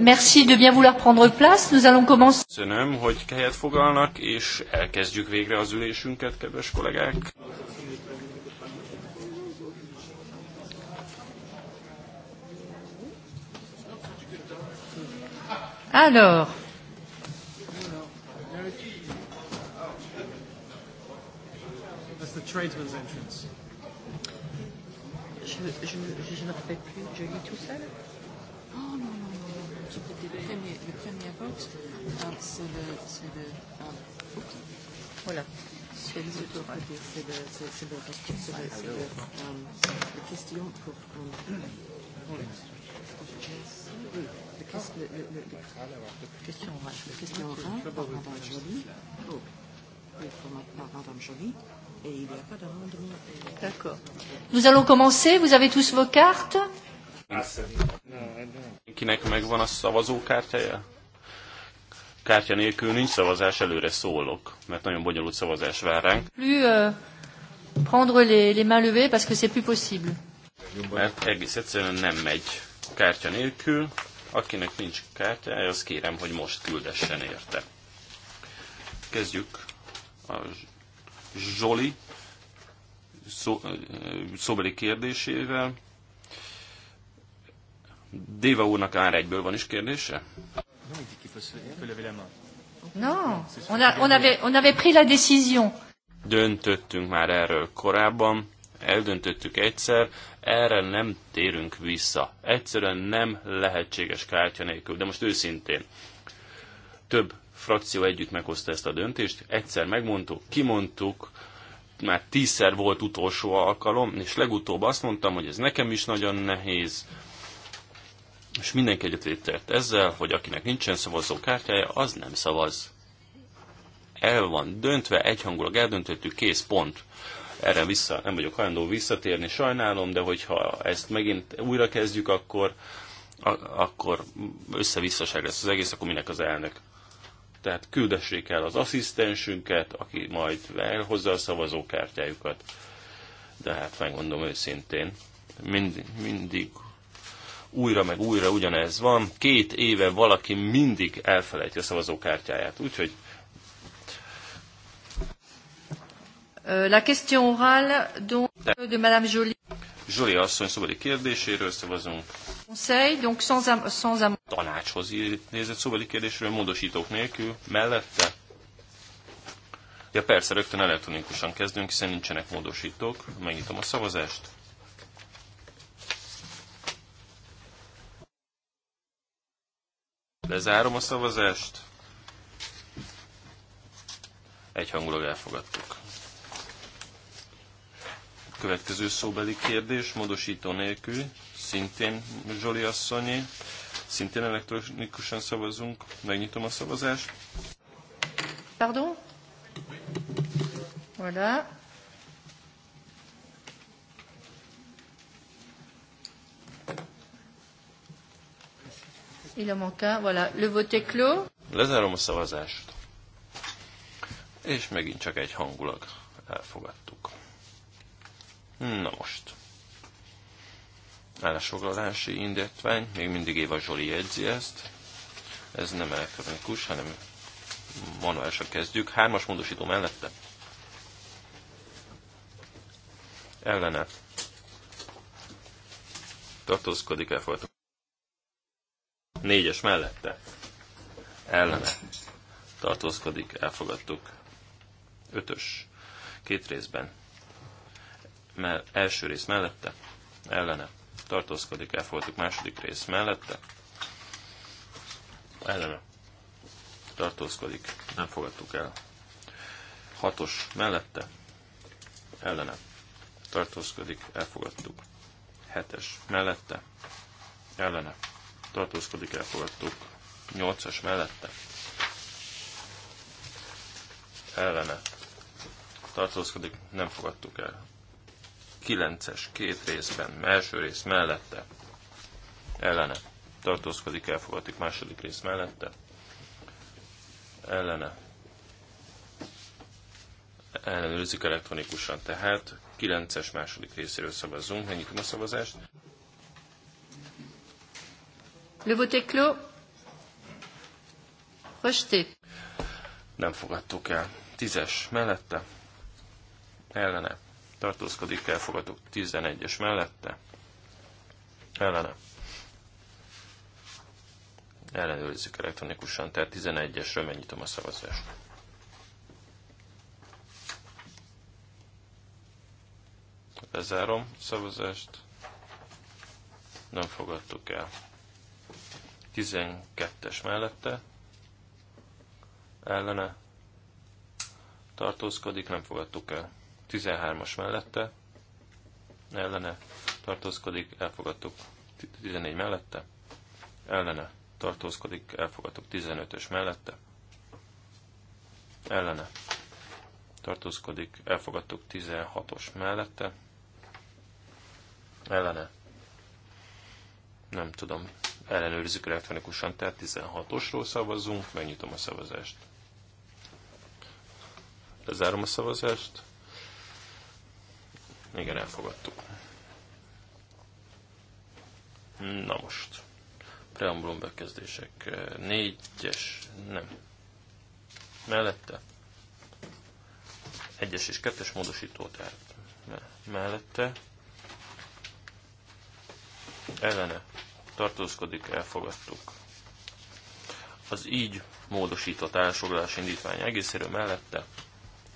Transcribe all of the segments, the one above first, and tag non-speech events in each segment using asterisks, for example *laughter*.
Merci de bien vouloir prendre place. Nous allons commencer. Köszönöm, hogy helyet foglalnak, és elkezdjük végre az ülésünket, kedves kollégák. Alors, That's the tradesman's entrance. Je, je, je, je ne répète plus, je lis tout seul. Oh non premier, le premier vote, hein, c'est le. C'est le hein, ah, oups, voilà. C'est le, c'est le, c'est, c'est le, c'est le, c'est le, euh, les questions pour. pour euh, les, oui, les, les, les, les par Madame Jolie. Oh, Et il n'y a pas d'amendement. D'accord. Nous allons commencer. Vous avez tous vos cartes ah, mindenkinek megvan a szavazókártyája? Kártya nélkül nincs szavazás, előre szólok, mert nagyon bonyolult szavazás vár ránk. Euh, prendre les, les mains levées parce que c'est plus possible. Mert egész egyszerűen nem megy kártya nélkül. Akinek nincs kártya, az kérem, hogy most küldessen érte. Kezdjük a Zsoli szó, szóbeli kérdésével. Déva úrnak ár egyből van is kérdése? No, on, a, on, avait, on avait pris la décision. Döntöttünk már erről korábban, eldöntöttük egyszer, erre nem térünk vissza. Egyszerűen nem lehetséges kártya nélkül. De most őszintén, több frakció együtt meghozta ezt a döntést, egyszer megmondtuk, kimondtuk, már tízszer volt utolsó alkalom, és legutóbb azt mondtam, hogy ez nekem is nagyon nehéz, és mindenki egyetért ezzel, hogy akinek nincsen szavazókártyája, az nem szavaz. El van döntve, egyhangulag eldöntöttük, kész, pont. Erre vissza, nem vagyok hajlandó visszatérni, sajnálom, de hogyha ezt megint újra kezdjük, akkor, a, akkor össze-visszaság lesz az egész, akkor minek az elnök. Tehát küldessék el az asszisztensünket, aki majd elhozza a szavazókártyájukat. De hát megmondom őszintén, mind, mindig újra meg újra ugyanez van. Két éve valaki mindig elfelejti a szavazókártyáját, úgyhogy euh, La question orale donc, de Madame Jolie. Jolie asszony szóbeli kérdéséről szavazunk. Conseil, donc sans, sans am- Tanácshoz nézett szóbeli kérdésről, módosítók nélkül, mellette. Ja persze, rögtön elektronikusan kezdünk, hiszen nincsenek módosítók. Megnyitom a szavazást. Lezárom a szavazást. Egyhangulag elfogadtuk. Következő szóbeli kérdés, módosító nélkül, szintén Zsoli asszonyi, szintén elektronikusan szavazunk, megnyitom a szavazást. Pardon? Voilà. Il a manqué, voilà. Le vote est clos. Lezárom a szavazást. És megint csak egy hangulag elfogadtuk. Na most. Állásfoglalási indítvány, még mindig Éva Zsoli jegyzi ezt. Ez nem elektronikus, hanem manuálisan kezdjük. Hármas módosító mellette. Ellene. Tartózkodik, elfogadtuk. Négyes mellette. Ellene. Tartózkodik. Elfogadtuk. Ötös. Két részben. mel első rész mellette. Ellene. Tartózkodik. Elfogadtuk. Második rész mellette. Ellene. Tartózkodik. Nem fogadtuk el. Hatos mellette. Ellene. Tartózkodik. Elfogadtuk. Hetes mellette. Ellene tartózkodik, fogadtuk 8-as mellette ellene tartózkodik, nem fogadtuk el. 9-es két részben, első rész mellette ellene tartózkodik, fogadtuk második rész mellette ellene ellenőrzik elektronikusan, tehát 9-es második részéről szavazzunk. Megnyitom a szavazást. Le vote est clos. Rejeté. Nem fogadtuk el. Tízes mellette. Ellene. Tartózkodik, fogadtuk Tizenegyes mellette. Ellene. Ellenőrizzük elektronikusan, tehát 11-esről megnyitom a szavazást. Lezárom a szavazást. Nem fogadtuk el. 12-es mellette ellene tartózkodik, nem fogadtuk el. 13-as mellette ellene tartózkodik, elfogadtuk. 14 mellette ellene tartózkodik, elfogadtuk. 15-ös mellette ellene tartózkodik, elfogadtuk 16-os mellette, ellene, nem tudom, ellenőrizzük elektronikusan, tehát 16-osról szavazzunk, megnyitom a szavazást. Lezárom a szavazást. Igen, elfogadtuk. Na most. Preambulum bekezdések. Négyes, nem. Mellette. Egyes és kettes módosító, tehát mellette. Ellene tartózkodik, elfogadtuk. Az így módosított állásfoglalás indítvány egészéről mellette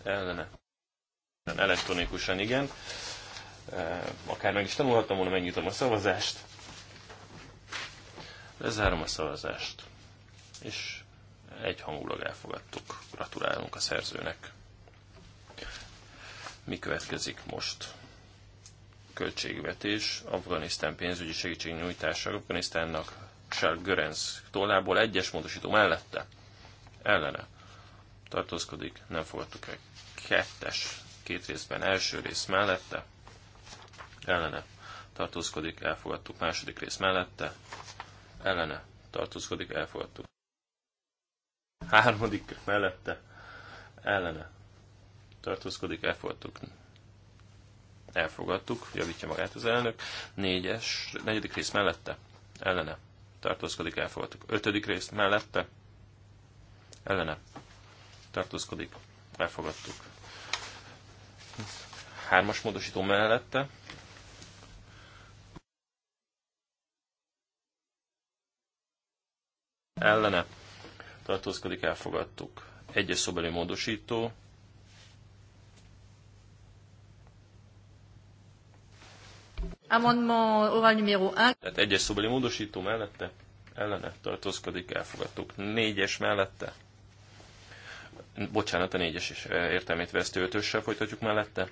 ellene. Elektronikusan igen. E, akár meg is tanulhattam volna, megnyitom a szavazást. Lezárom a szavazást. És egy hangulag elfogadtuk. Gratulálunk a szerzőnek. Mi következik most? költségvetés Afganisztán pénzügyi segítségnyújtása Afganisztánnak Charles Görenz tollából egyes módosító mellette ellene tartózkodik, nem fogadtuk el kettes két részben első rész mellette ellene tartózkodik, elfogadtuk második rész mellette ellene tartózkodik, elfogadtuk harmadik mellette ellene tartózkodik, elfogadtuk elfogadtuk, javítja magát az elnök. Négyes, negyedik rész mellette, ellene, tartózkodik, elfogadtuk. Ötödik rész mellette, ellene, tartózkodik, elfogadtuk. Hármas módosító mellette, ellene tartózkodik, elfogadtuk. Egyes szobeli módosító Amendement oral numéro 1. Tehát egyes szobeli módosító mellette ellene tartózkodik, elfogadtuk. Négyes mellette. Bocsánat, a négyes is eh, értelmét vesztő ötössel folytatjuk mellette.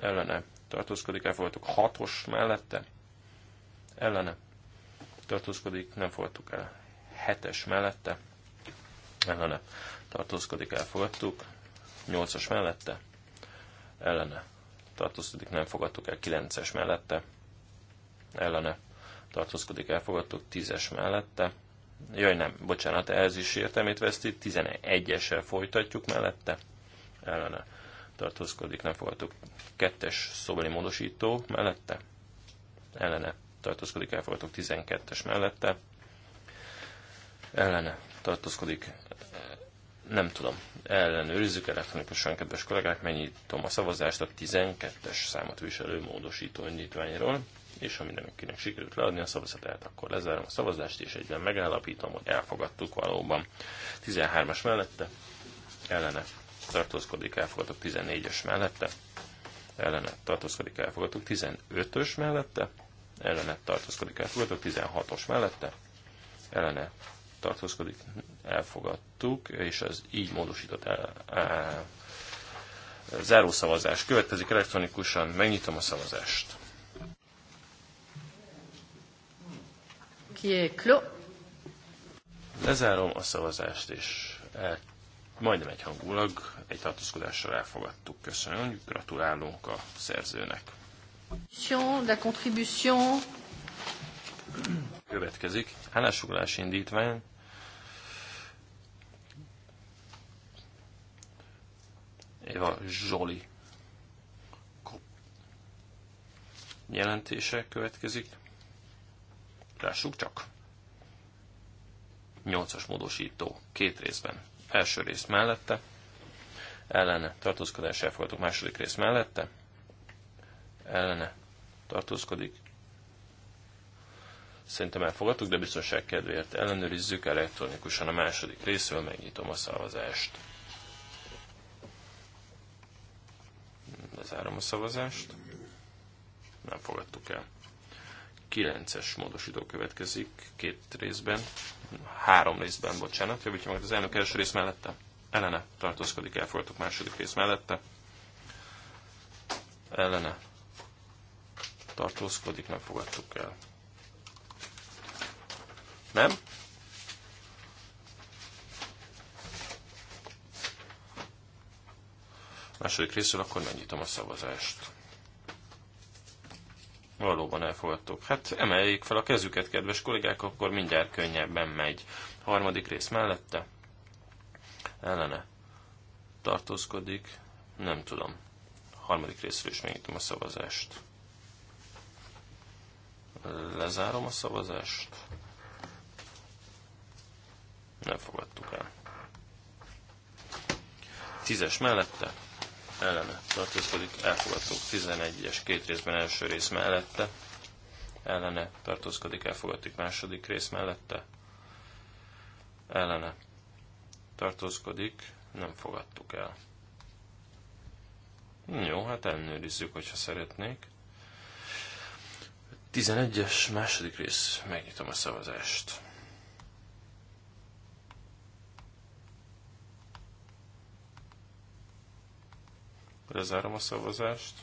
Ellene tartózkodik, elfogadtuk. Hatos mellette. Ellene tartózkodik, nem fogadtuk el. Hetes mellette. Ellene tartózkodik, elfogadtuk. Nyolcas mellette. Ellene tartózkodik, nem fogadtuk el. Kilences mellette ellene tartózkodik, elfogadtuk, tízes mellette. Jaj, nem, bocsánat, ez is értelmét veszti, 11-essel folytatjuk mellette, ellene tartózkodik, nem fogadtuk, kettes es szobeli módosító mellette, ellene tartózkodik, elfogadtuk, 12-es mellette, ellene tartózkodik, nem tudom, ellenőrizzük elektronikusan, kedves kollégák, mennyitom a szavazást a 12-es számot viselő módosító indítványról és ha mindenkinek sikerült leadni a szavazatát, akkor lezárom a szavazást, és egyben megállapítom, hogy elfogadtuk valóban 13-as mellette, ellene tartózkodik, elfogadtuk 14-es mellette, ellene tartózkodik, elfogadtuk 15-ös mellette, ellene tartózkodik, elfogadtuk 16-os mellette, ellene tartózkodik, elfogadtuk, és az így módosított el, el, e, zárószavazás következik elektronikusan, megnyitom a szavazást. Qui est clos. Lezárom a szavazást, és el, majdnem egyhangulag egy tartózkodással elfogadtuk. Köszönjük, gratulálunk a szerzőnek. La contribution. Következik állásfoglalási indítvány. Éva Zsoli jelentése következik. Lássuk csak. Nyolcas módosító két részben. Első rész mellette, ellene tartózkodás elfogadó második rész mellette, ellene tartózkodik. Szerintem elfogadtuk, de biztonság kedvéért ellenőrizzük elektronikusan a második részről, megnyitom a szavazást. Lezárom a szavazást. Nem fogadtuk el. 9-es módosító következik két részben, három részben, bocsánat, javítja meg az elnök első rész mellette, ellene tartózkodik, elfogadtuk második rész mellette, ellene tartózkodik, nem fogadtuk el. Nem? Második részről akkor megnyitom a szavazást. Valóban elfogadtuk. Hát emeljék fel a kezüket, kedves kollégák, akkor mindjárt könnyebben megy. Harmadik rész mellette. Ellene. Tartózkodik. Nem tudom. Harmadik részről is megnyitom a szavazást. Lezárom a szavazást. Nem fogadtuk el. Tízes mellette ellene tartózkodik, elfogadtuk. 11-es két részben első rész mellette, ellene tartózkodik, elfogadtuk második rész mellette, ellene tartózkodik, nem fogadtuk el. Hm, jó, hát ellenőrizzük, hogyha szeretnék. 11-es második rész, megnyitom a szavazást. Lezárom a szavazást.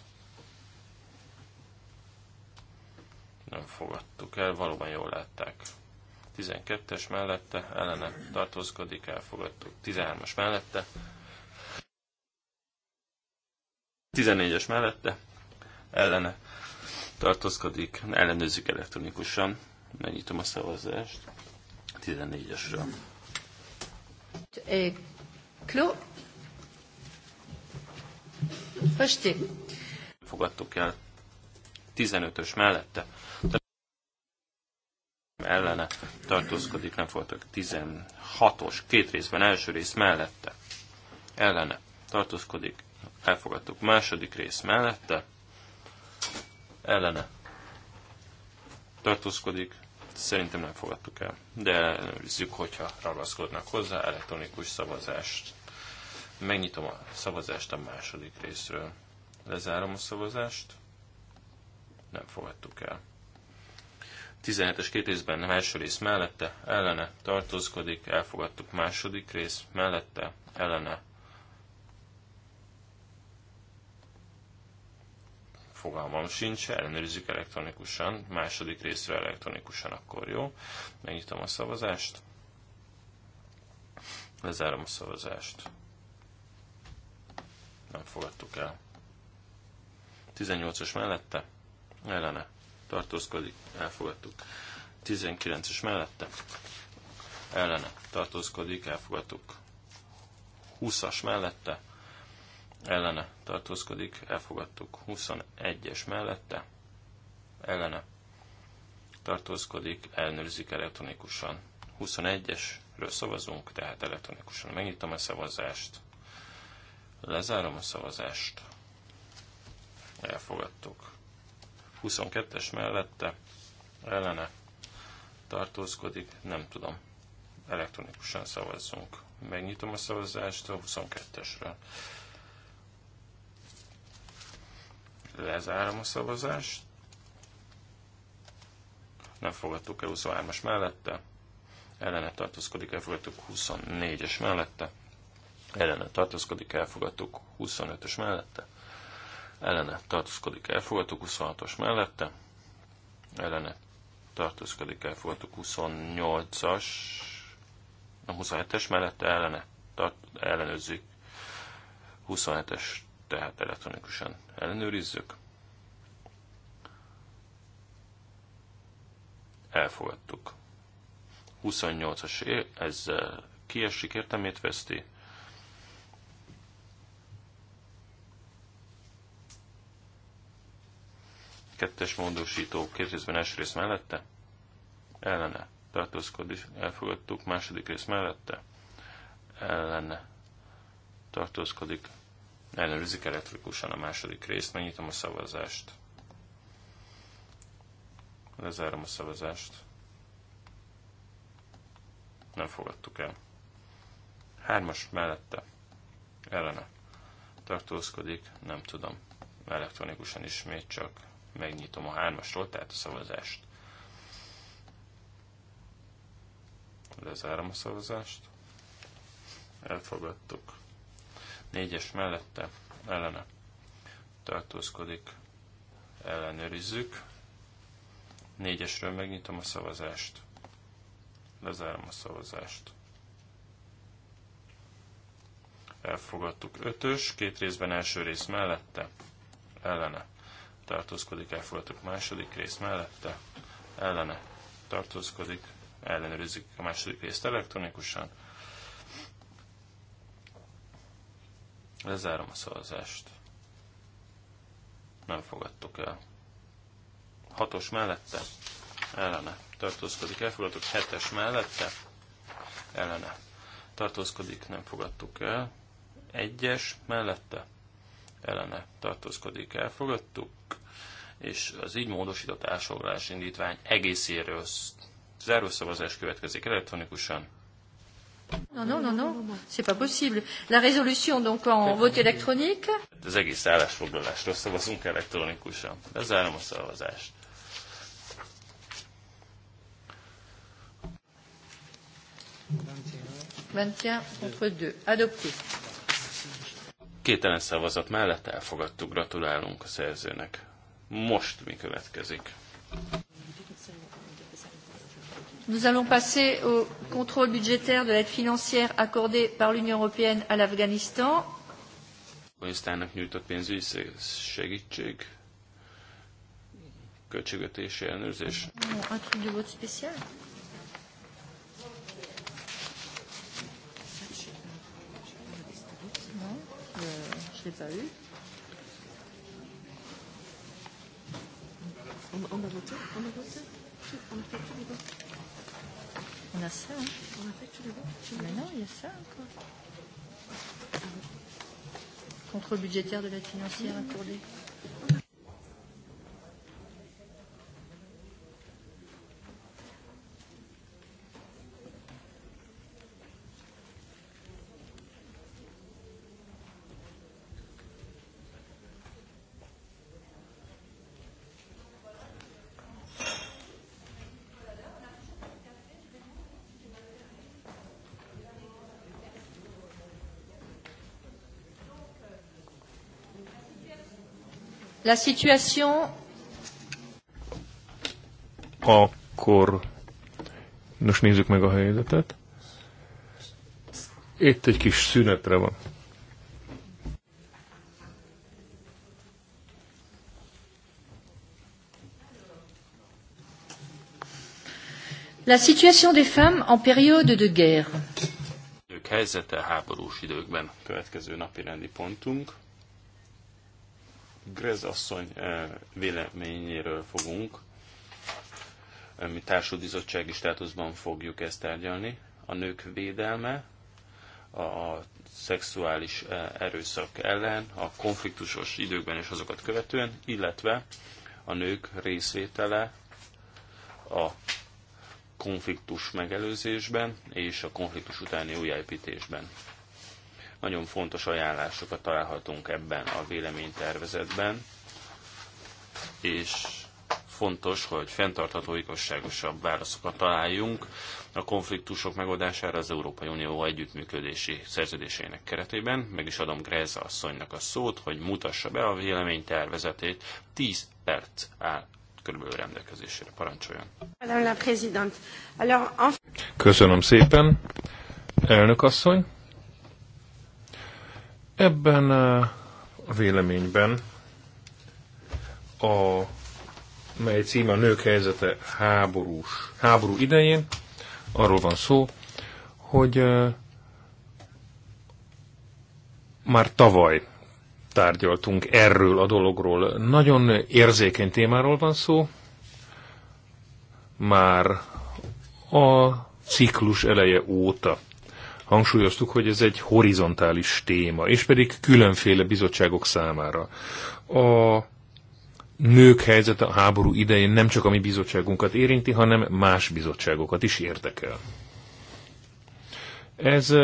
Nem fogadtuk el, valóban jól látták. 12-es mellette, ellene tartózkodik, elfogadtuk. 13-as mellette, 14-es mellette, ellene tartózkodik, ellenőrzik elektronikusan. Megnyitom a szavazást. 14-esről. Klub. Eh, Fösti. Fogadtuk el. 15-ös mellette. Ellene tartózkodik, nem voltak. 16-os, két részben, első rész mellette. Ellene tartózkodik, elfogadtuk. Második rész mellette. Ellene tartózkodik, szerintem nem fogadtuk el. De ellenőrizzük, hogyha ragaszkodnak hozzá, elektronikus szavazást Megnyitom a szavazást a második részről. Lezárom a szavazást. Nem fogadtuk el. 17-es két részben első rész mellette, ellene tartózkodik, elfogadtuk második rész mellette, ellene fogalmam sincs, ellenőrizzük elektronikusan, második részre elektronikusan akkor jó. Megnyitom a szavazást, lezárom a szavazást nem fogadtuk el. 18-as mellette, ellene, tartózkodik, elfogadtuk. 19-es mellette, ellene, tartózkodik, elfogadtuk. 20-as mellette, ellene, tartózkodik, elfogadtuk. 21-es mellette, ellene, tartózkodik, elnőrzik elektronikusan. 21-esről szavazunk, tehát elektronikusan megnyitom a szavazást. Lezárom a szavazást. Elfogadtuk. 22-es mellette ellene tartózkodik, nem tudom. Elektronikusan szavazzunk. Megnyitom a szavazást a 22-esről. Lezárom a szavazást. Nem fogadtuk el 23-as mellette. Ellene tartózkodik, elfogadtuk 24-es mellette ellene tartózkodik, elfogadtuk 25-ös mellette, ellene tartózkodik, elfogadtuk 26-os mellette, ellene tartózkodik, elfogadtuk 28-as, a 27-es mellette ellene, tart, ellenőrzik 27-es, tehát elektronikusan ellenőrizzük. Elfogadtuk. 28-as ez kiesik, értemét veszti, kettes módosító két részben első rész mellette, ellene tartózkodik, elfogadtuk, második rész mellette, ellene tartózkodik, ellenőrzik elektrikusan a második részt, megnyitom a szavazást. Lezárom a szavazást. Nem fogadtuk el. Hármas mellette, ellene tartózkodik, nem tudom. Elektronikusan ismét csak megnyitom a hármasról, tehát a szavazást. Lezárom a szavazást. Elfogadtuk. Négyes mellette, ellene tartózkodik, ellenőrizzük. Négyesről megnyitom a szavazást. Lezárom a szavazást. Elfogadtuk ötös, két részben első rész mellette, ellene tartózkodik, elfogadtuk második rész mellette, ellene tartózkodik, ellenőrizik a második részt elektronikusan. Lezárom a szavazást. Nem fogadtuk el. Hatos mellette, ellene tartózkodik, elfogadtuk. Hetes mellette, ellene tartózkodik, nem fogadtuk el. Egyes mellette, ellene tartózkodik, elfogadtuk, és az így módosított ásolás indítvány egészéről zárószavazás következik elektronikusan. Non, non, non, non, c'est pas possible. La résolution, donc, en vote électronique. Hát az egész állásfoglalásról szavazunk elektronikusan. Lezárom a szavazást. Maintien contre 2. Adopté. Két ellenszavazat mellett elfogadtuk, gratulálunk a szerzőnek. Most mi következik? Nous allons passer au contrôle budgétaire de l'aide financière accordée par l'Union européenne à l'Afghanistan. Afganisztánnak nyújtott pénzügyi segítség, költségvetési ellenőrzés. Un truc de vote spécial. je l'ai pas eu. On, on a voté On a voté On a fait tous les votes On a ça, hein On a fait tous les votes ah, Mais non, il y a ça encore. Contrôle budgétaire de l'aide financière accordée. Mmh. La situation... Akkor... Nos, nézzük meg a helyzetet. Itt egy kis szünetre van. La situation des femmes en période de guerre. Ők helyzete háborús időkben. Következő napi rendi pontunk. Grez asszony eh, véleményéről fogunk. Eh, mi társadizottsági státuszban fogjuk ezt tárgyalni. A nők védelme, a szexuális eh, erőszak ellen, a konfliktusos időkben és azokat követően, illetve a nők részvétele a konfliktus megelőzésben és a konfliktus utáni újjáépítésben. Nagyon fontos ajánlásokat találhatunk ebben a véleménytervezetben, és fontos, hogy fenntartható, igazságosabb válaszokat találjunk a konfliktusok megoldására az Európai Unió együttműködési szerződésének keretében. Meg is adom Grez asszonynak a szót, hogy mutassa be a véleménytervezetét 10 perc áll körülbelül rendelkezésére. Parancsoljon. Köszönöm szépen, elnök asszony. Ebben eh, a véleményben, a, mely címe a nők helyzete háborús, háború idején, arról van szó, hogy eh, már tavaly tárgyaltunk erről a dologról. Nagyon érzékeny témáról van szó. Már a ciklus eleje óta hangsúlyoztuk, hogy ez egy horizontális téma, és pedig különféle bizottságok számára. A nők helyzete a háború idején nem csak a mi bizottságunkat érinti, hanem más bizottságokat is érdekel. Ez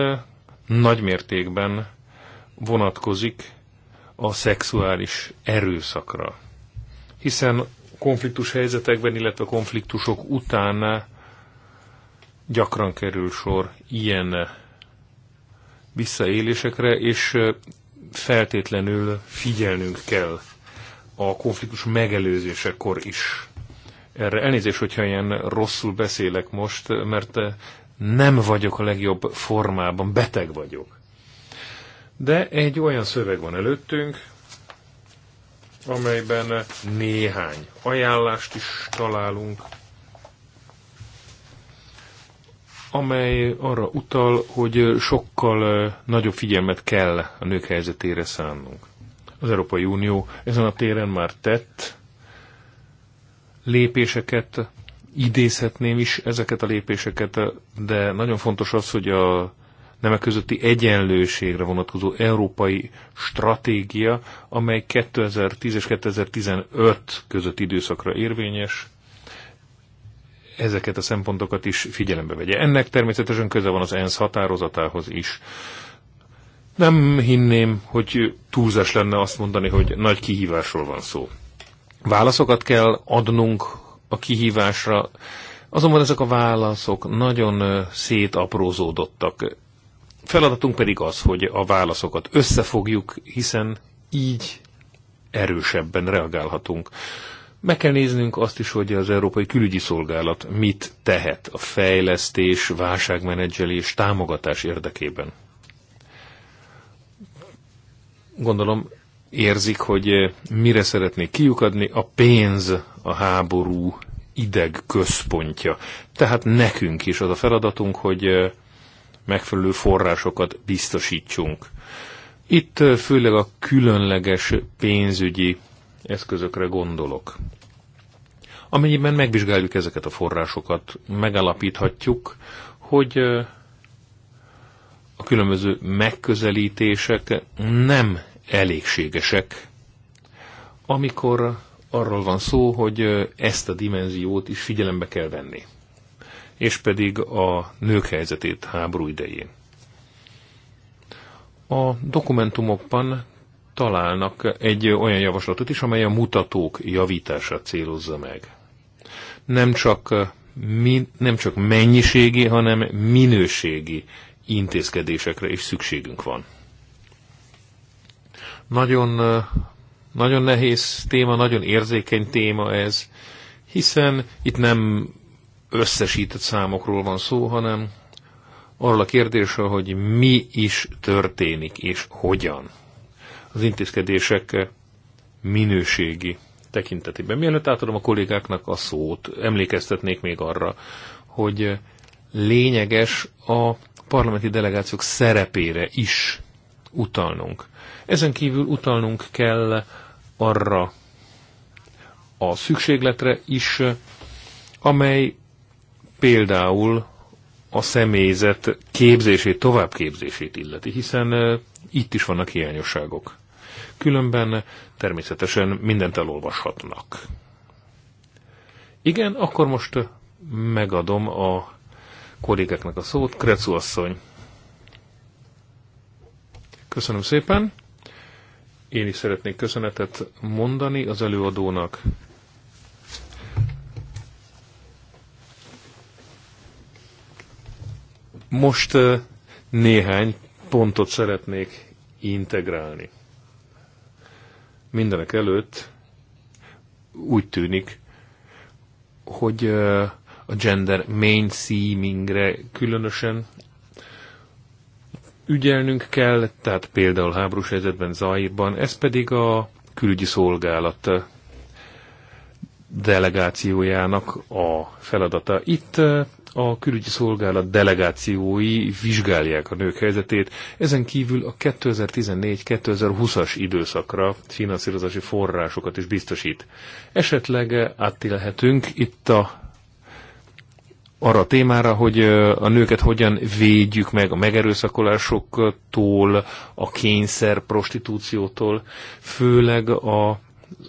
nagy mértékben vonatkozik a szexuális erőszakra. Hiszen konfliktus helyzetekben, illetve konfliktusok után gyakran kerül sor ilyen visszaélésekre, és feltétlenül figyelnünk kell a konfliktus megelőzésekor is. Erre elnézést, hogyha ilyen rosszul beszélek most, mert nem vagyok a legjobb formában, beteg vagyok. De egy olyan szöveg van előttünk, amelyben néhány ajánlást is találunk, amely arra utal, hogy sokkal nagyobb figyelmet kell a nők helyzetére szánnunk. Az Európai Unió ezen a téren már tett lépéseket, idézhetném is ezeket a lépéseket, de nagyon fontos az, hogy a nemek közötti egyenlőségre vonatkozó európai stratégia, amely 2010 és 2015 között időszakra érvényes, ezeket a szempontokat is figyelembe vegye. Ennek természetesen köze van az ENSZ határozatához is. Nem hinném, hogy túlzás lenne azt mondani, hogy nagy kihívásról van szó. Válaszokat kell adnunk a kihívásra, azonban ezek a válaszok nagyon szétaprózódottak. Feladatunk pedig az, hogy a válaszokat összefogjuk, hiszen így erősebben reagálhatunk meg kell néznünk azt is, hogy az Európai Külügyi Szolgálat mit tehet a fejlesztés, válságmenedzselés, támogatás érdekében. Gondolom érzik, hogy eh, mire szeretnék kiukadni, a pénz a háború ideg központja. Tehát nekünk is az a feladatunk, hogy eh, megfelelő forrásokat biztosítsunk. Itt eh, főleg a különleges pénzügyi eszközökre gondolok. Amennyiben megvizsgáljuk ezeket a forrásokat, megalapíthatjuk, hogy a különböző megközelítések nem elégségesek, amikor arról van szó, hogy ezt a dimenziót is figyelembe kell venni, és pedig a nők helyzetét háború idején. A dokumentumokban találnak egy olyan javaslatot is, amely a mutatók javítását célozza meg. Nem csak, mi, nem csak mennyiségi, hanem minőségi intézkedésekre is szükségünk van. Nagyon, nagyon nehéz téma, nagyon érzékeny téma ez, hiszen itt nem összesített számokról van szó, hanem arról a kérdésről, hogy mi is történik és hogyan az intézkedések minőségi tekintetében. Mielőtt átadom a kollégáknak a szót, emlékeztetnék még arra, hogy lényeges a parlamenti delegációk szerepére is utalnunk. Ezen kívül utalnunk kell arra a szükségletre is, amely például a személyzet képzését, továbbképzését illeti, hiszen itt is vannak hiányosságok. Különben természetesen mindent elolvashatnak. Igen, akkor most megadom a kollégáknak a szót. Krecu asszony. Köszönöm szépen. Én is szeretnék köszönetet mondani az előadónak. Most néhány pontot szeretnék integrálni. Mindenek előtt úgy tűnik, hogy a gender mainstreamingre különösen ügyelnünk kell, tehát például háborús helyzetben, Zairban, ez pedig a külügyi szolgálat delegációjának a feladata. Itt a külügyi szolgálat delegációi vizsgálják a nők helyzetét. Ezen kívül a 2014-2020-as időszakra finanszírozási forrásokat is biztosít. Esetleg áttélhetünk itt a arra a témára, hogy a nőket hogyan védjük meg a megerőszakolásoktól, a kényszer prostitúciótól, főleg a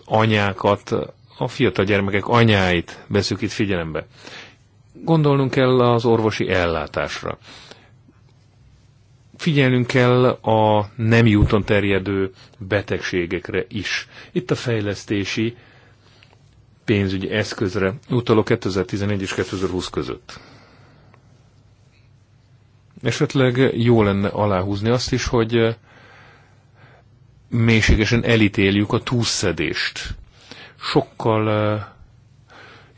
anyákat, a fiatal gyermekek anyáit veszük itt figyelembe. Gondolnunk kell az orvosi ellátásra. Figyelnünk kell a nem úton terjedő betegségekre is. Itt a fejlesztési pénzügyi eszközre utalok 2011 és 2020 között. Esetleg jó lenne aláhúzni azt is, hogy eh, mélységesen elítéljük a túlszedést. Sokkal eh,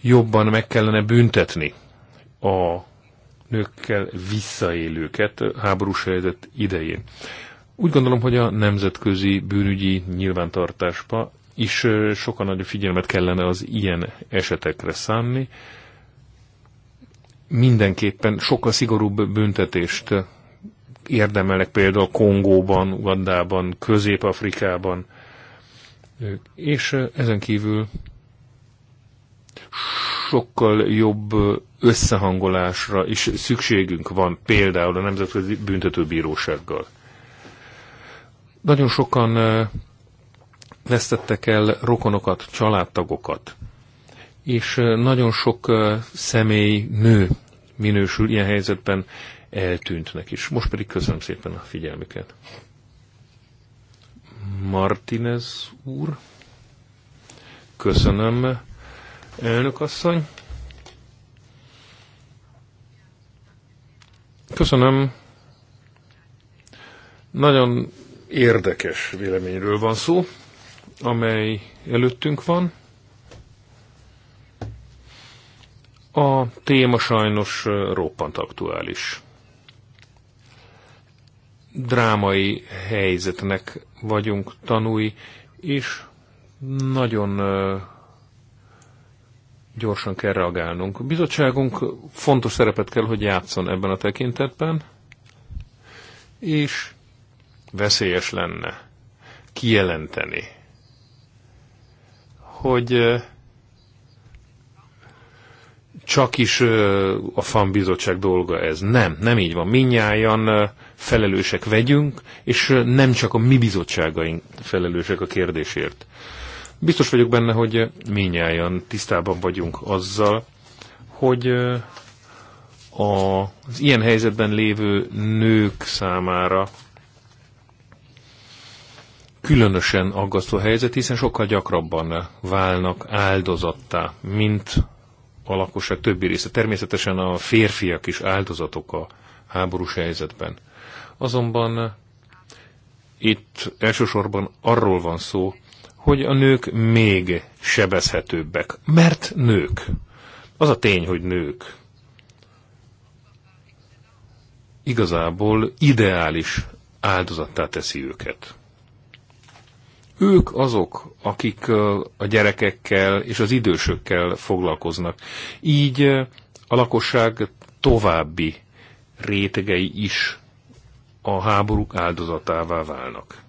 jobban meg kellene büntetni a nőkkel visszaélőket háborús helyzet idején. Úgy gondolom, hogy a nemzetközi bűnügyi nyilvántartásba is sokan nagyobb figyelmet kellene az ilyen esetekre szánni. Mindenképpen sokkal szigorúbb büntetést érdemelek például Kongóban, Ugandában, Közép-Afrikában. És ezen kívül sokkal jobb összehangolásra is szükségünk van, például a Nemzetközi Büntetőbírósággal. Nagyon sokan eh, vesztettek el rokonokat, családtagokat, és eh, nagyon sok eh, személy nő minősül ilyen helyzetben eltűntnek is. Most pedig köszönöm szépen a figyelmüket. Martinez úr, köszönöm Elnök asszony. Köszönöm. Nagyon érdekes véleményről van szó, amely előttünk van. A téma sajnos roppant aktuális. Drámai helyzetnek vagyunk tanúi, és nagyon gyorsan kell reagálnunk. A bizottságunk fontos szerepet kell, hogy játszon ebben a tekintetben, és veszélyes lenne kijelenteni, hogy csak is a FAN bizottság dolga ez. Nem, nem így van. Minnyáján felelősek vegyünk, és nem csak a mi bizottságaink felelősek a kérdésért. Biztos vagyok benne, hogy minnyáján tisztában vagyunk azzal, hogy az ilyen helyzetben lévő nők számára különösen aggasztó helyzet, hiszen sokkal gyakrabban válnak áldozattá, mint a lakosság többi része. Természetesen a férfiak is áldozatok a háborús helyzetben. Azonban itt elsősorban arról van szó, hogy a nők még sebezhetőbbek, mert nők. Az a tény, hogy nők. Igazából ideális áldozattá teszi őket. Ők azok, akik a gyerekekkel és az idősökkel foglalkoznak. Így a lakosság további rétegei is a háborúk áldozatává válnak.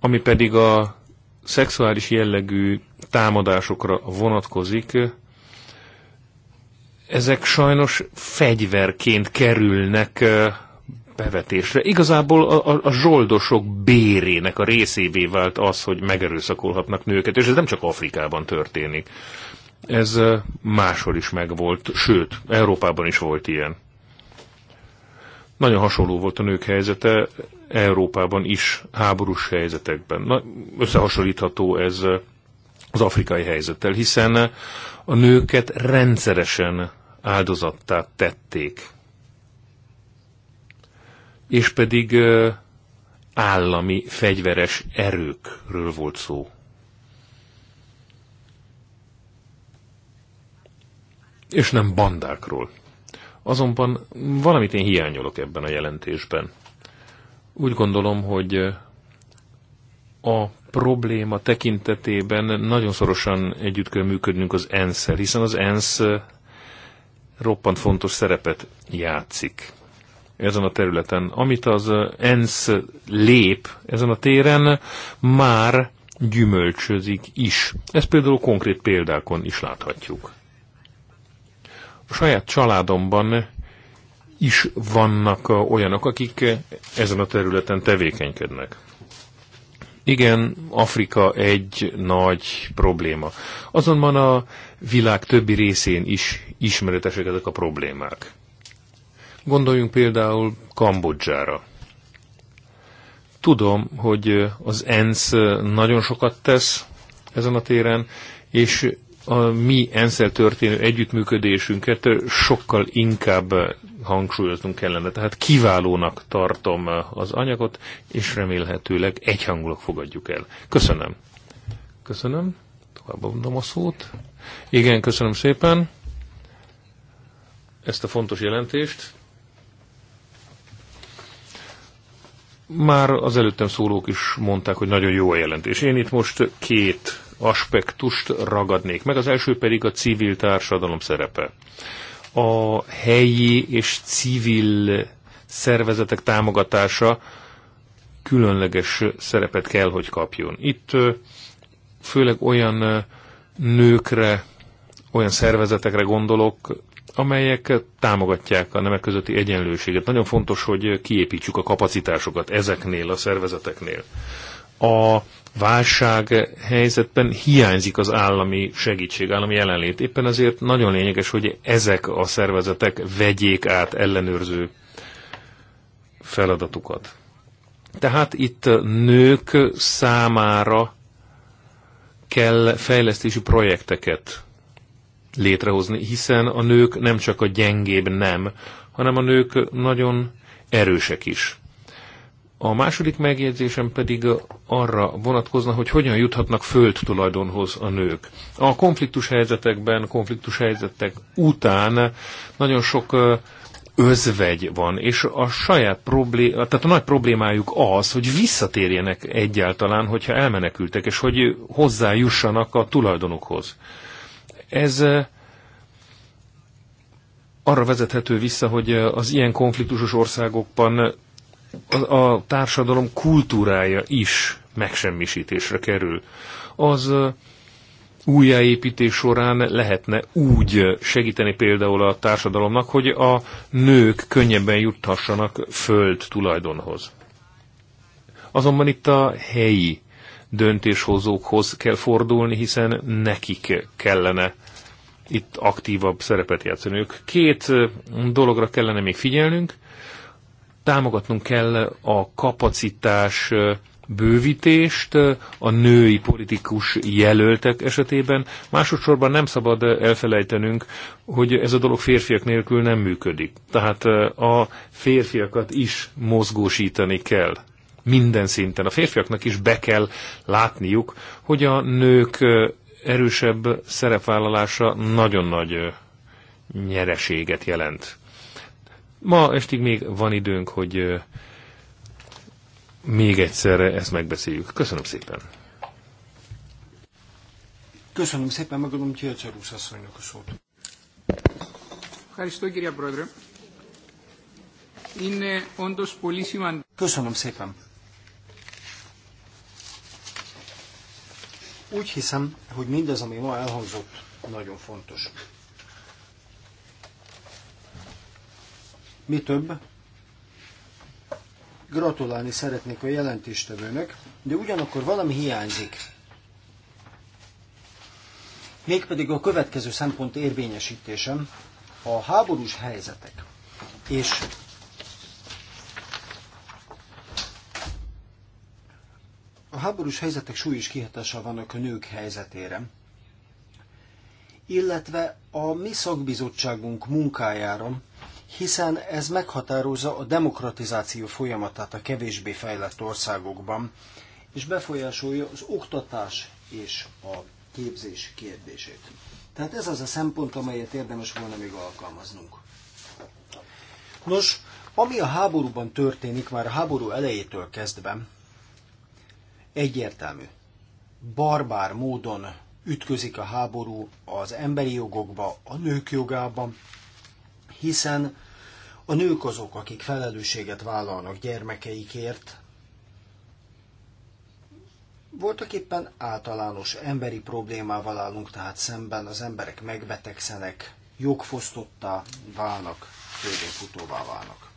Ami pedig a szexuális jellegű támadásokra vonatkozik, ezek sajnos fegyverként kerülnek bevetésre. Igazából a, a, a zsoldosok bérének a részévé vált az, hogy megerőszakolhatnak nőket, és ez nem csak Afrikában történik. Ez máshol is megvolt, sőt, Európában is volt ilyen. Nagyon hasonló volt a nők helyzete Európában is, háborús helyzetekben. Na, összehasonlítható ez az afrikai helyzettel, hiszen a nőket rendszeresen áldozattá tették. És pedig állami fegyveres erőkről volt szó. És nem bandákról. Azonban valamit én hiányolok ebben a jelentésben. Úgy gondolom, hogy a probléma tekintetében nagyon szorosan együtt kell működnünk az ensz hiszen az ENSZ roppant fontos szerepet játszik ezen a területen. Amit az ENSZ lép ezen a téren, már gyümölcsözik is. Ezt például konkrét példákon is láthatjuk. A saját családomban is vannak olyanok, akik ezen a területen tevékenykednek. Igen, Afrika egy nagy probléma. Azonban a világ többi részén is ismeretesek ezek a problémák. Gondoljunk például Kambodzsára. Tudom, hogy az ENSZ nagyon sokat tesz ezen a téren, és a mi ensz történő együttműködésünket sokkal inkább hangsúlyoznunk kellene. Tehát kiválónak tartom az anyagot, és remélhetőleg egyhangulag fogadjuk el. Köszönöm. Köszönöm. mondom a szót. Igen, köszönöm szépen ezt a fontos jelentést. Már az előttem szólók is mondták, hogy nagyon jó a jelentés. Én itt most két aspektust ragadnék meg. Az első pedig a civil társadalom szerepe. A helyi és civil szervezetek támogatása különleges szerepet kell, hogy kapjon. Itt főleg olyan nőkre, olyan szervezetekre gondolok, amelyek támogatják a nemek közötti egyenlőséget. Nagyon fontos, hogy kiépítsük a kapacitásokat ezeknél a szervezeteknél. A válság helyzetben hiányzik az állami segítség, állami jelenlét. Éppen ezért nagyon lényeges, hogy ezek a szervezetek vegyék át ellenőrző feladatukat. Tehát itt nők számára kell fejlesztési projekteket létrehozni, hiszen a nők nem csak a gyengébb nem, hanem a nők nagyon erősek is. A második megjegyzésem pedig arra vonatkozna, hogy hogyan juthatnak földtulajdonhoz a nők. A konfliktus helyzetekben, konfliktus helyzetek után nagyon sok özvegy van, és a saját problé- tehát a nagy problémájuk az, hogy visszatérjenek egyáltalán, hogyha elmenekültek, és hogy hozzájussanak a tulajdonukhoz. Ez arra vezethető vissza, hogy az ilyen konfliktusos országokban a, társadalom kultúrája is megsemmisítésre kerül. Az újjáépítés során lehetne úgy segíteni például a társadalomnak, hogy a nők könnyebben juthassanak föld tulajdonhoz. Azonban itt a helyi döntéshozókhoz kell fordulni, hiszen nekik kellene itt aktívabb szerepet játszani. Ők két dologra kellene még figyelnünk. Támogatnunk kell a kapacitás bővítést a női politikus jelöltek esetében. Másodszorban nem szabad elfelejtenünk, hogy ez a dolog férfiak nélkül nem működik. Tehát a férfiakat is mozgósítani kell minden szinten. A férfiaknak is be kell látniuk, hogy a nők erősebb szerepvállalása nagyon nagy nyereséget jelent. Ma estig még van időnk, hogy még egyszer ezt megbeszéljük. Köszönöm szépen! Köszönöm szépen, megadom Tilcser asszonynak a szót. Köszönöm szépen. Úgy hiszem, hogy mindez, ami ma elhangzott, nagyon fontos. Mi több, gratulálni szeretnék a jelentéstevőnek, de ugyanakkor valami hiányzik. Mégpedig a következő szempont érvényesítésem, a háborús helyzetek és A háborús helyzetek súlyos kihatással vannak a nők helyzetére, illetve a mi szakbizottságunk munkájára, hiszen ez meghatározza a demokratizáció folyamatát a kevésbé fejlett országokban, és befolyásolja az oktatás és a képzés kérdését. Tehát ez az a szempont, amelyet érdemes volna még alkalmaznunk. Nos, ami a háborúban történik már a háború elejétől kezdve, egyértelmű. Barbár módon ütközik a háború az emberi jogokba, a nők jogában, hiszen a nők azok, akik felelősséget vállalnak gyermekeikért, voltak éppen általános emberi problémával állunk tehát szemben, az emberek megbetegszenek, jogfosztottá válnak, főként futóvá válnak.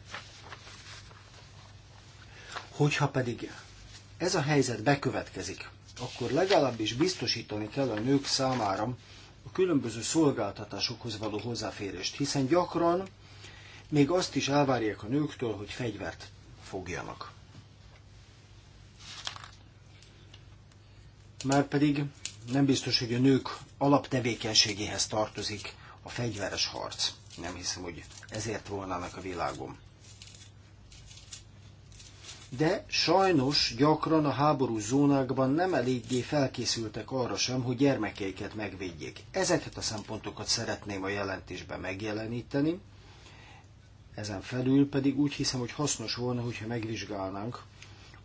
Hogyha pedig ez a helyzet bekövetkezik, akkor legalábbis biztosítani kell a nők számára a különböző szolgáltatásokhoz való hozzáférést, hiszen gyakran még azt is elvárják a nőktől, hogy fegyvert fogjanak. Márpedig nem biztos, hogy a nők alaptevékenységéhez tartozik a fegyveres harc. Nem hiszem, hogy ezért volnának a világon de sajnos gyakran a háború zónákban nem eléggé felkészültek arra sem, hogy gyermekeiket megvédjék. Ezeket a szempontokat szeretném a jelentésben megjeleníteni, ezen felül pedig úgy hiszem, hogy hasznos volna, hogyha megvizsgálnánk,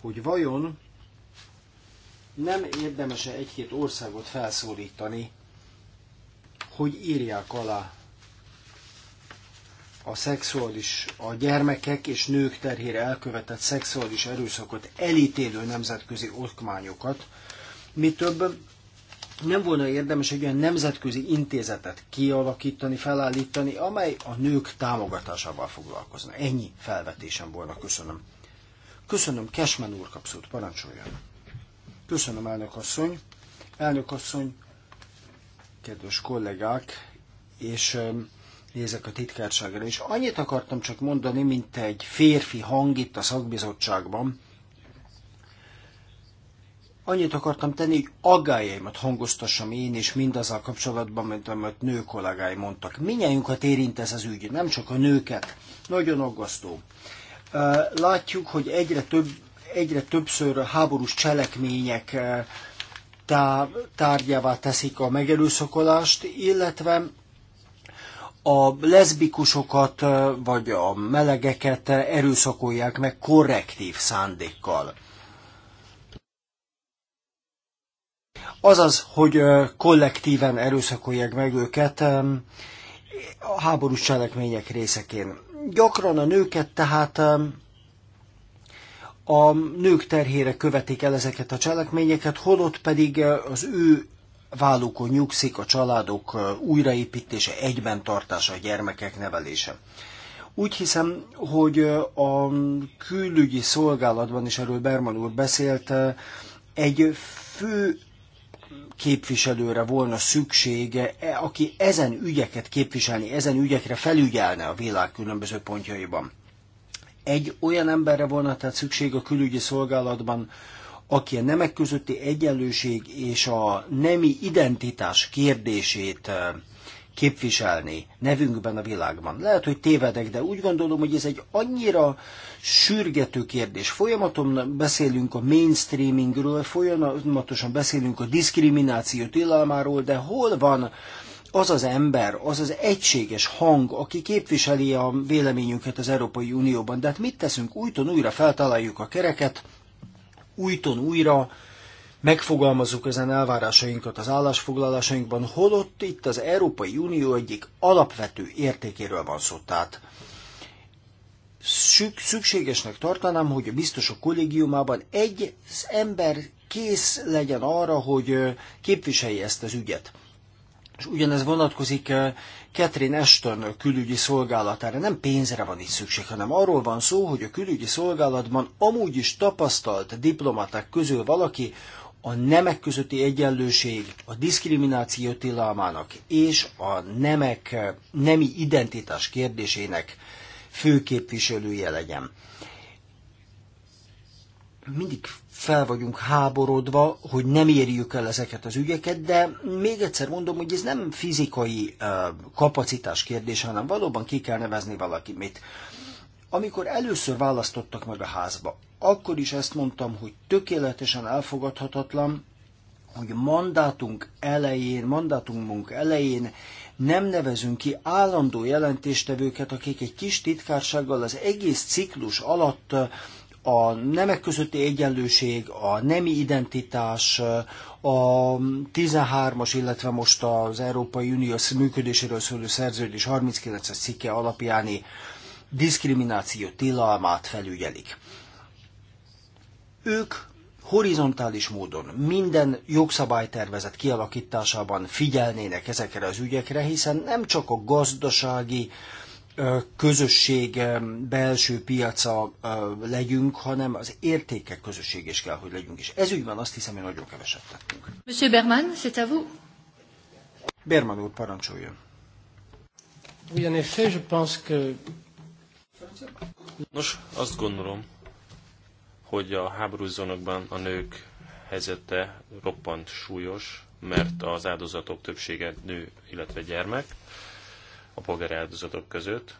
hogy vajon nem érdemese egy-két országot felszólítani, hogy írják alá a szexuális, a gyermekek és nők terhére elkövetett szexuális erőszakot elítélő nemzetközi okmányokat. Mi több, nem volna érdemes egy olyan nemzetközi intézetet kialakítani, felállítani, amely a nők támogatásával foglalkozna. Ennyi felvetésem volna. Köszönöm. Köszönöm, Kesmen úr kapszót, parancsoljon. Köszönöm, elnök asszony. Elnök asszony, kedves kollégák, és nézek a titkárságra, és annyit akartam csak mondani, mint egy férfi hang itt a szakbizottságban, annyit akartam tenni, hogy aggájaimat hangoztassam én is mindazzal kapcsolatban, mint amit nő kollégái mondtak. Minnyájunkat érint ez az ügy, nem csak a nőket. Nagyon aggasztó. Látjuk, hogy egyre, több, egyre többször háborús cselekmények tárgyává teszik a megerőszakolást, illetve a leszbikusokat vagy a melegeket erőszakolják meg korrektív szándékkal. Azaz, hogy kollektíven erőszakolják meg őket a háborús cselekmények részeként. Gyakran a nőket tehát a nők terhére követik el ezeket a cselekményeket, holott pedig az ő vállukon nyugszik a családok újraépítése, egyben tartása, a gyermekek nevelése. Úgy hiszem, hogy a külügyi szolgálatban is erről Berman úr beszélt, egy fő képviselőre volna szüksége, e, aki ezen ügyeket képviselni, ezen ügyekre felügyelne a világ különböző pontjaiban. Egy olyan emberre volna tehát szükség a külügyi szolgálatban, aki a nemek közötti egyenlőség és a nemi identitás kérdését képviselni nevünkben a világban. Lehet, hogy tévedek, de úgy gondolom, hogy ez egy annyira sürgető kérdés. Folyamatosan beszélünk a mainstreamingről, folyamatosan beszélünk a diszkrimináció tilalmáról, de hol van az az ember, az az egységes hang, aki képviseli a véleményünket az Európai Unióban. De hát mit teszünk? Újton újra feltaláljuk a kereket, újton újra megfogalmazzuk ezen elvárásainkat az állásfoglalásainkban, holott itt az Európai Unió egyik alapvető értékéről van szó. Tehát szükségesnek tartanám, hogy a biztosok kollégiumában egy ember kész legyen arra, hogy képviselje ezt az ügyet. És ugyanez vonatkozik Catherine Ashton külügyi szolgálatára nem pénzre van itt szükség, hanem arról van szó, hogy a külügyi szolgálatban amúgy is tapasztalt diplomaták közül valaki a nemek közötti egyenlőség, a diszkrimináció tilalmának és a nemek nemi identitás kérdésének főképviselője legyen. Mindig fel vagyunk háborodva, hogy nem érjük el ezeket az ügyeket, de még egyszer mondom, hogy ez nem fizikai kapacitás kérdés, hanem valóban ki kell nevezni valakit. Amikor először választottak meg a házba, akkor is ezt mondtam, hogy tökéletesen elfogadhatatlan, hogy mandátunk elején, mandátumunk elején nem nevezünk ki állandó jelentéstevőket, akik egy kis titkársággal az egész ciklus alatt a nemek közötti egyenlőség, a nemi identitás, a 13-as, illetve most az Európai Unió működéséről szóló szerződés 39-es cikke alapjáni diszkrimináció tilalmát felügyelik. Ők horizontális módon minden jogszabálytervezet kialakításában figyelnének ezekre az ügyekre, hiszen nem csak a gazdasági, közösség belső piaca legyünk, hanem az értékek közösség is kell, hogy legyünk. És ez ügyben azt hiszem, hogy nagyon keveset tettünk. Monsieur Berman, c'est à vous. Berman úr, parancsoljon. Oui, en effet, je pense que... Nos, azt gondolom, hogy a háborús zónokban a nők helyzete roppant súlyos, mert az áldozatok többsége nő, illetve gyermek a polgári áldozatok között.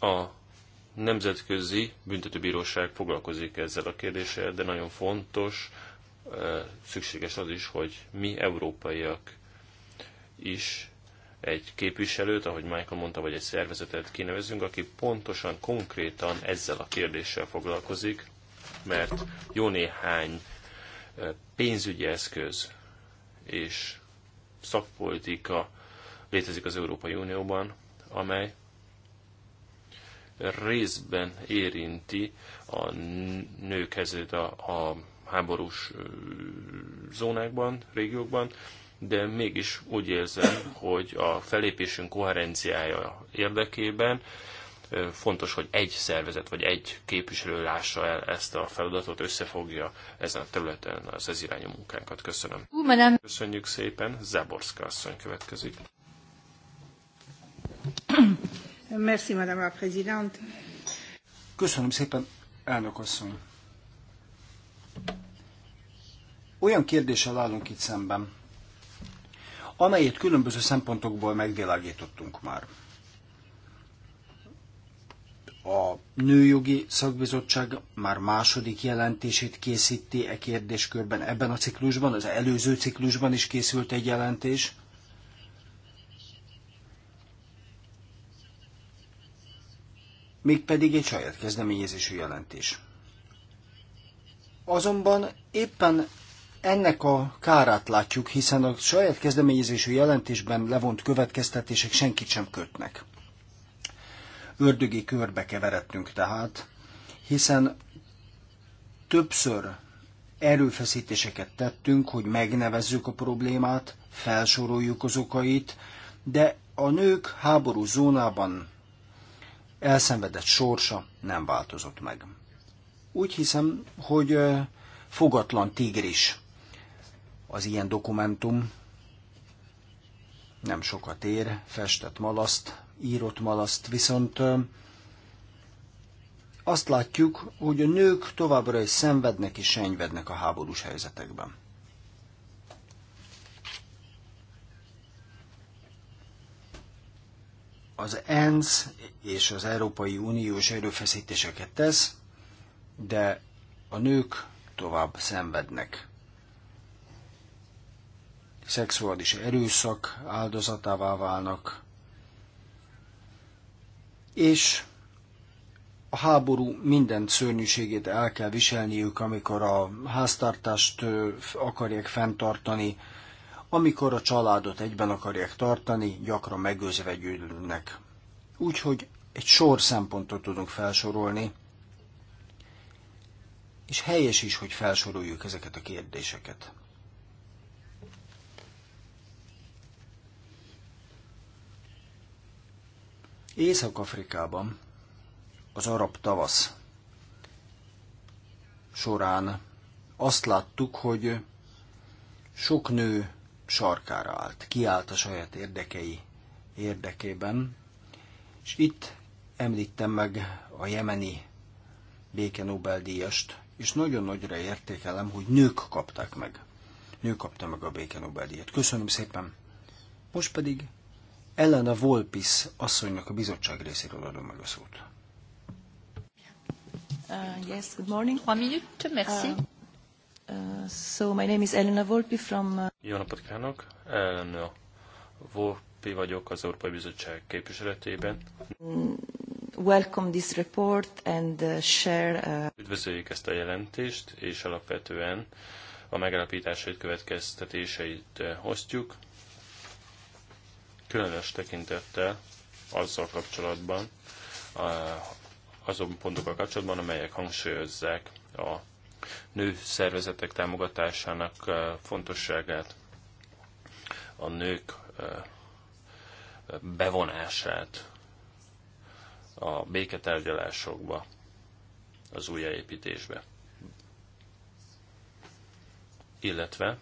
A Nemzetközi Büntetőbíróság foglalkozik ezzel a kérdéssel, de nagyon fontos, eh, szükséges az is, hogy mi európaiak is egy képviselőt, ahogy Michael mondta, vagy egy szervezetet kinevezünk, aki pontosan, konkrétan ezzel a kérdéssel foglalkozik, mert jó néhány pénzügyi eszköz és szakpolitika létezik az Európai Unióban, amely részben érinti a nőkhez a, a háborús zónákban, régiókban, de mégis úgy érzem, hogy a felépésünk koherenciája érdekében Fontos, hogy egy szervezet vagy egy képviselő lássa el ezt a feladatot, összefogja ezen a területen az ez irányú munkánkat. Köszönöm. Umanem. Köszönjük szépen. Zaborszka asszony következik. *coughs* Merci, Madame la Présidente. Köszönöm szépen, elnök asszony. Olyan kérdéssel állunk itt szemben, amelyet különböző szempontokból megvilágítottunk már a Nőjogi Szakbizottság már második jelentését készíti e kérdéskörben ebben a ciklusban, az előző ciklusban is készült egy jelentés. Mégpedig egy saját kezdeményezésű jelentés. Azonban éppen ennek a kárát látjuk, hiszen a saját kezdeményezésű jelentésben levont következtetések senkit sem kötnek ördögi körbe keveredtünk tehát, hiszen többször erőfeszítéseket tettünk, hogy megnevezzük a problémát, felsoroljuk az okait, de a nők háború zónában elszenvedett sorsa nem változott meg. Úgy hiszem, hogy fogatlan tigris az ilyen dokumentum, nem sokat ér, festett malaszt, írott malaszt. Viszont azt látjuk, hogy a nők továbbra is szenvednek és senyvednek a háborús helyzetekben. Az ENSZ és az Európai Uniós erőfeszítéseket tesz, de a nők tovább szenvednek. Szexuális erőszak áldozatává válnak, és a háború minden szörnyűségét el kell viselniük, amikor a háztartást akarják fenntartani, amikor a családot egyben akarják tartani, gyakran megőzve gyűlölnek. Úgyhogy egy sor szempontot tudunk felsorolni, és helyes is, hogy felsoroljuk ezeket a kérdéseket. Észak-Afrikában az arab tavasz során azt láttuk, hogy sok nő sarkára állt, kiállt a saját érdekei érdekében, és itt említem meg a jemeni béke Nobel-díjast, és nagyon nagyra értékelem, hogy nők kapták meg. Nő kapta meg a béke Nobel-díjat. Köszönöm szépen! Most pedig Elena Volpis asszonynak a bizottság részéről adom meg a szót. Uh, yes, good morning. One minute, merci. Uh, uh, so my name is Elena Volpi from... Uh... Jó napot kívánok! Elena Volpi vagyok az Európai Bizottság képviseletében. Mm, welcome this report and uh, share... Uh... Üdvözöljük ezt a jelentést, és alapvetően a megállapításait, következtetéseit uh, osztjuk különös tekintettel azzal kapcsolatban, azon pontokkal kapcsolatban, amelyek hangsúlyozzák a nő szervezetek támogatásának fontosságát, a nők bevonását a béketárgyalásokba, az újjáépítésbe. Illetve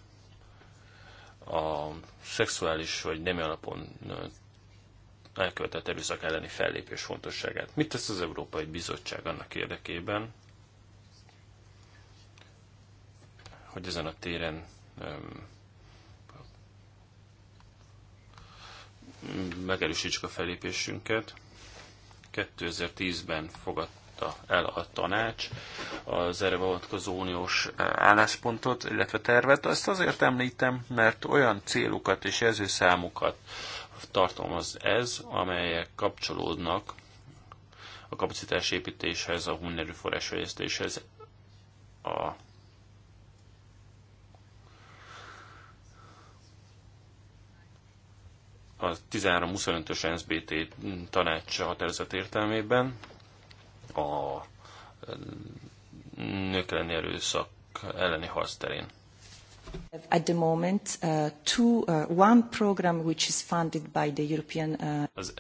a szexuális vagy nemi alapon elkövetett erőszak elleni fellépés fontosságát. Mit tesz az Európai Bizottság annak érdekében, hogy ezen a téren megerősítsük a fellépésünket. 2010-ben fogadt fogadta el a tanács az erre vonatkozó uniós eh, álláspontot, illetve tervet. Azt azért említem, mert olyan célukat és jelzőszámokat tartalmaz ez, amelyek kapcsolódnak a kapacitásépítéshez, a hunnerű fejlesztéshez, a a 13-25-ös NSBT tanács határozat értelmében, a mm, nők elleni erőszak elleni harc terén. At the moment, uh, two, uh, one program which is funded by the European. Uh... Az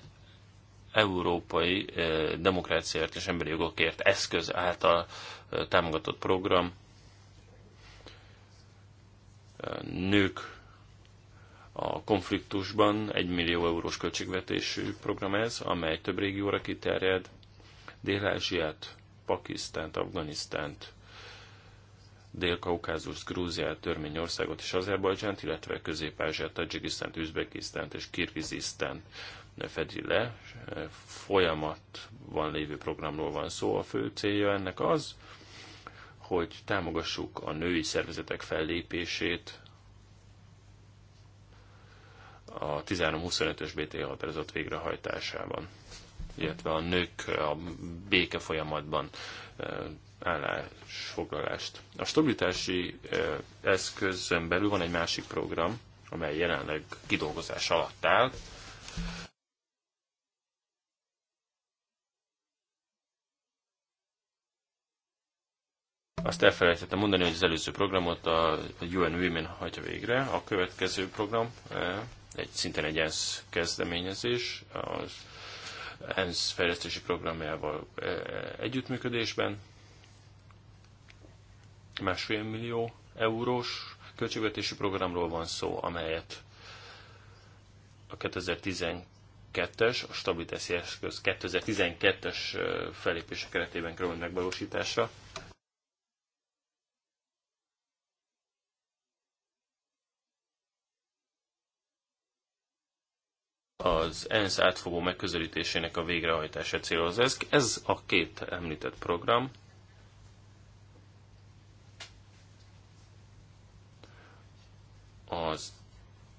európai uh, demokráciáért és emberi jogokért eszköz által uh, támogatott program uh, nők a konfliktusban egy millió eurós költségvetésű program ez, amely több régióra kiterjed, Dél-Ázsiát, Pakisztánt, Afganisztánt, dél kaukázus Grúziát, Törményországot és Azerbajdzsánt, illetve Közép-Ázsiát, Tajikisztánt, Üzbekisztánt és Kirgizisztánt fedi le. Folyamatban lévő programról van szó. A fő célja ennek az, hogy támogassuk a női szervezetek fellépését a 13-25-ös BTA határozat végrehajtásában illetve a nők a béke folyamatban állásfoglalást. A stabilitási eszközön belül van egy másik program, amely jelenleg kidolgozás alatt áll. Azt elfelejtettem mondani, hogy az előző programot a UN Women hagyja végre. A következő program egy szinten egy ENSZ kezdeményezés, az ENSZ fejlesztési programjával e, együttműködésben. Másfél millió eurós költségvetési programról van szó, amelyet a 2012-es, a stabilitási eszköz 2012-es e, felépése keretében kerül megvalósításra. az ENSZ átfogó megközelítésének a végrehajtása célhoz. Ez, ez a két említett program. Az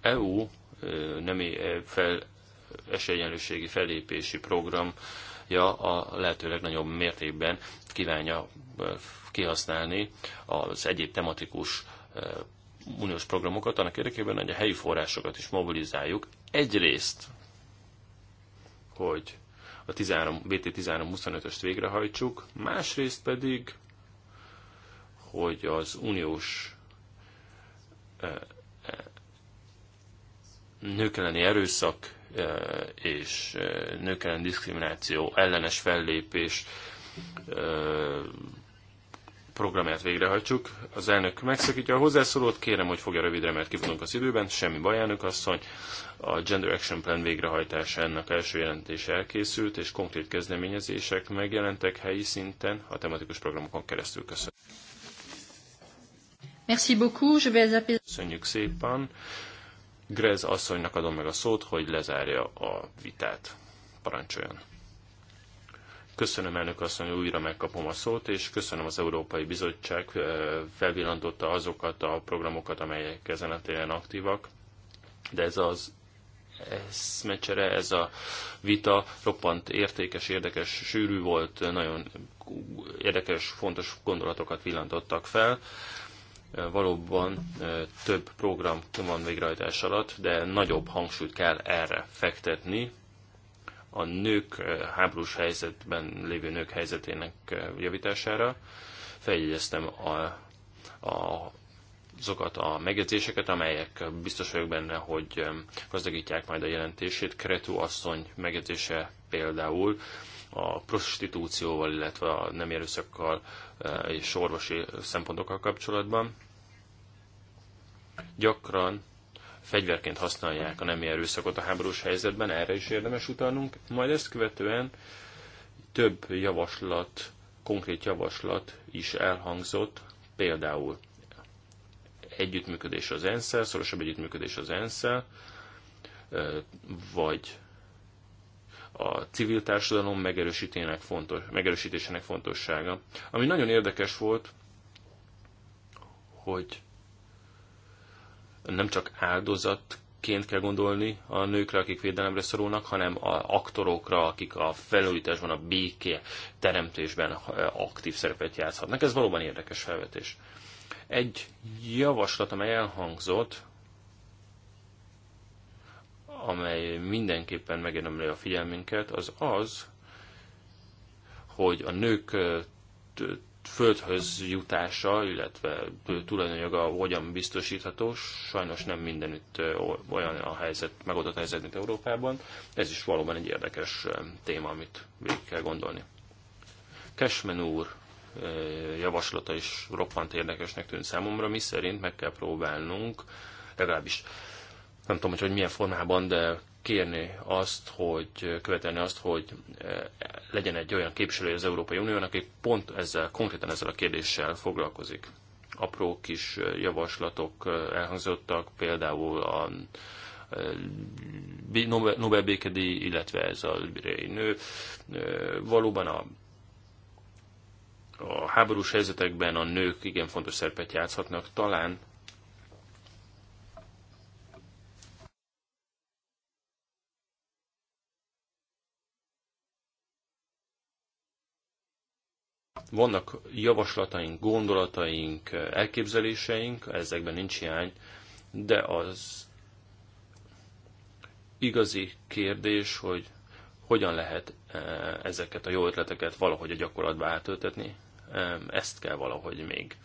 EU nemi fel, esélyenlőségi fellépési programja a lehető legnagyobb mértékben kívánja kihasználni az egyéb tematikus uniós programokat annak érdekében, hogy a helyi forrásokat is mobilizáljuk. Egyrészt hogy a 13, BT 1325-öst végrehajtsuk, másrészt pedig, hogy az uniós e, e, nők elleni erőszak e, és nők elleni diszkrimináció ellenes fellépés programját végrehajtsuk. Az elnök megszakítja a hozzászólót, kérem, hogy fogja rövidre, mert kifutunk az időben, semmi baj, elnök asszony. A Gender Action Plan ennek első jelentése elkészült, és konkrét kezdeményezések megjelentek helyi szinten a tematikus programokon keresztül. Köszönöm. Merci beaucoup, je vais Köszönjük szépen. Grez asszonynak adom meg a szót, hogy lezárja a vitát. Parancsoljon. Köszönöm elnök asszony, újra megkapom a szót, és köszönöm az Európai Bizottság felvillantotta azokat a programokat, amelyek ezen a téren aktívak, de ez az eszmecsere, ez a vita roppant értékes, érdekes, sűrű volt, nagyon érdekes, fontos gondolatokat villantottak fel. Valóban több program van végrehajtás alatt, de nagyobb hangsúlyt kell erre fektetni, a nők eh, háborús helyzetben lévő nők helyzetének eh, javítására. Feljegyeztem a, a azokat a megjegyzéseket, amelyek biztos vagyok benne, hogy eh, gazdagítják majd a jelentését. Kretu asszony megjegyzése például a prostitúcióval, illetve a nem erőszakkal és orvosi szempontokkal kapcsolatban. Gyakran fegyverként használják a nemi erőszakot a háborús helyzetben, erre is érdemes utalnunk. Majd ezt követően több javaslat, konkrét javaslat is elhangzott, például együttműködés az ensz szorosabb együttműködés az ensz vagy a civil társadalom megerősítének fontos, megerősítésének fontossága. Ami nagyon érdekes volt, hogy nem csak áldozatként kell gondolni a nőkre, akik védelemre szorulnak, hanem a aktorokra, akik a felújításban, a béké teremtésben aktív szerepet játszhatnak. Ez valóban érdekes felvetés. Egy javaslat, amely elhangzott, amely mindenképpen megérdemli a figyelmünket, az az, hogy a nők földhöz jutása, illetve tulajdonjoga hogyan biztosítható. Sajnos nem mindenütt olyan a helyzet, megoldott helyzet, mint Európában. Ez is valóban egy érdekes téma, amit végig kell gondolni. Kesmen úr javaslata is roppant érdekesnek tűnt számomra, mi szerint meg kell próbálnunk, legalábbis nem tudom, hogy, hogy milyen formában, de kérni azt, hogy követelni azt, hogy eh, legyen egy olyan képviselő az Európai Uniónak, aki pont ezzel, konkrétan ezzel a kérdéssel foglalkozik. Apró kis eh, javaslatok eh, elhangzottak, például a Nobel békedi, illetve ez a libérei nő. Valóban a a háborús helyzetekben a nők igen fontos szerepet játszhatnak, talán Vannak javaslataink, gondolataink, elképzeléseink, ezekben nincs hiány, de az igazi kérdés, hogy hogyan lehet e, ezeket a jó ötleteket valahogy a gyakorlatba átöltetni, e, ezt kell valahogy még